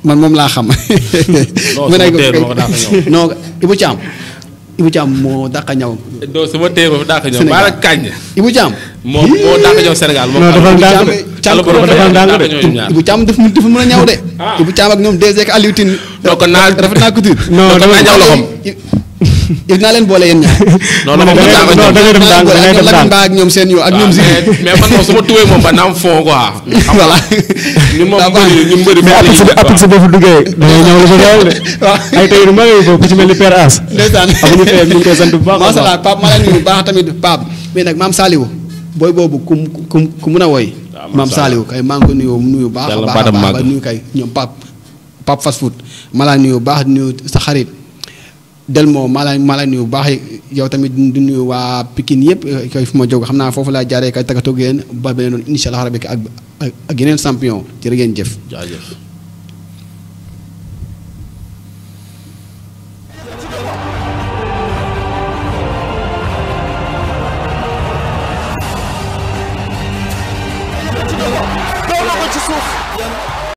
man moom laa xam. non sama teer moo ko dàq ñaaw non Ibou Thiam. Ibou Thiam moo dàq ñaaw.
non sama teer moo dàq ñaaw. Sénégal baala kañ. Ibou Thiam. moom moo dàq ñaaw de
Thiam ko dafa dàq de a ñaaw de. Ah. Ibou Thiam ak ñoom DG e ak naa rafet naa couture. non dafa ñaaw dinaa leen boole yéen ñaar. non non da ngay dem dànk da ngay dem dànk ak
ñoom seen yu ak ñoom si. mais man moom sama tuwee moom ba naam fond quoi. voilà.
ñun moom bëri ñun bëri. mais apix bi apix boobu duggee da ngay ñëw lu ko gaaw de. ay tey lu ma ngay ku ci père As. ñu sant bu baax. allah
baax tamit mais ku woy. kay maa ngi ko nuyu baax baax a nuyu kay fast food ma nuyu baax nuyu sa xarit Delmo maa la maa bu baax yow tamit di nuyu waa Pikine yëpp eh, koy fu ma jóg xam naa foofu laa jaare kay takkatoog yéen ba beneen yoon incha allah rabi ak ak yeneen champion jërë ngeen jëf. jaajëf.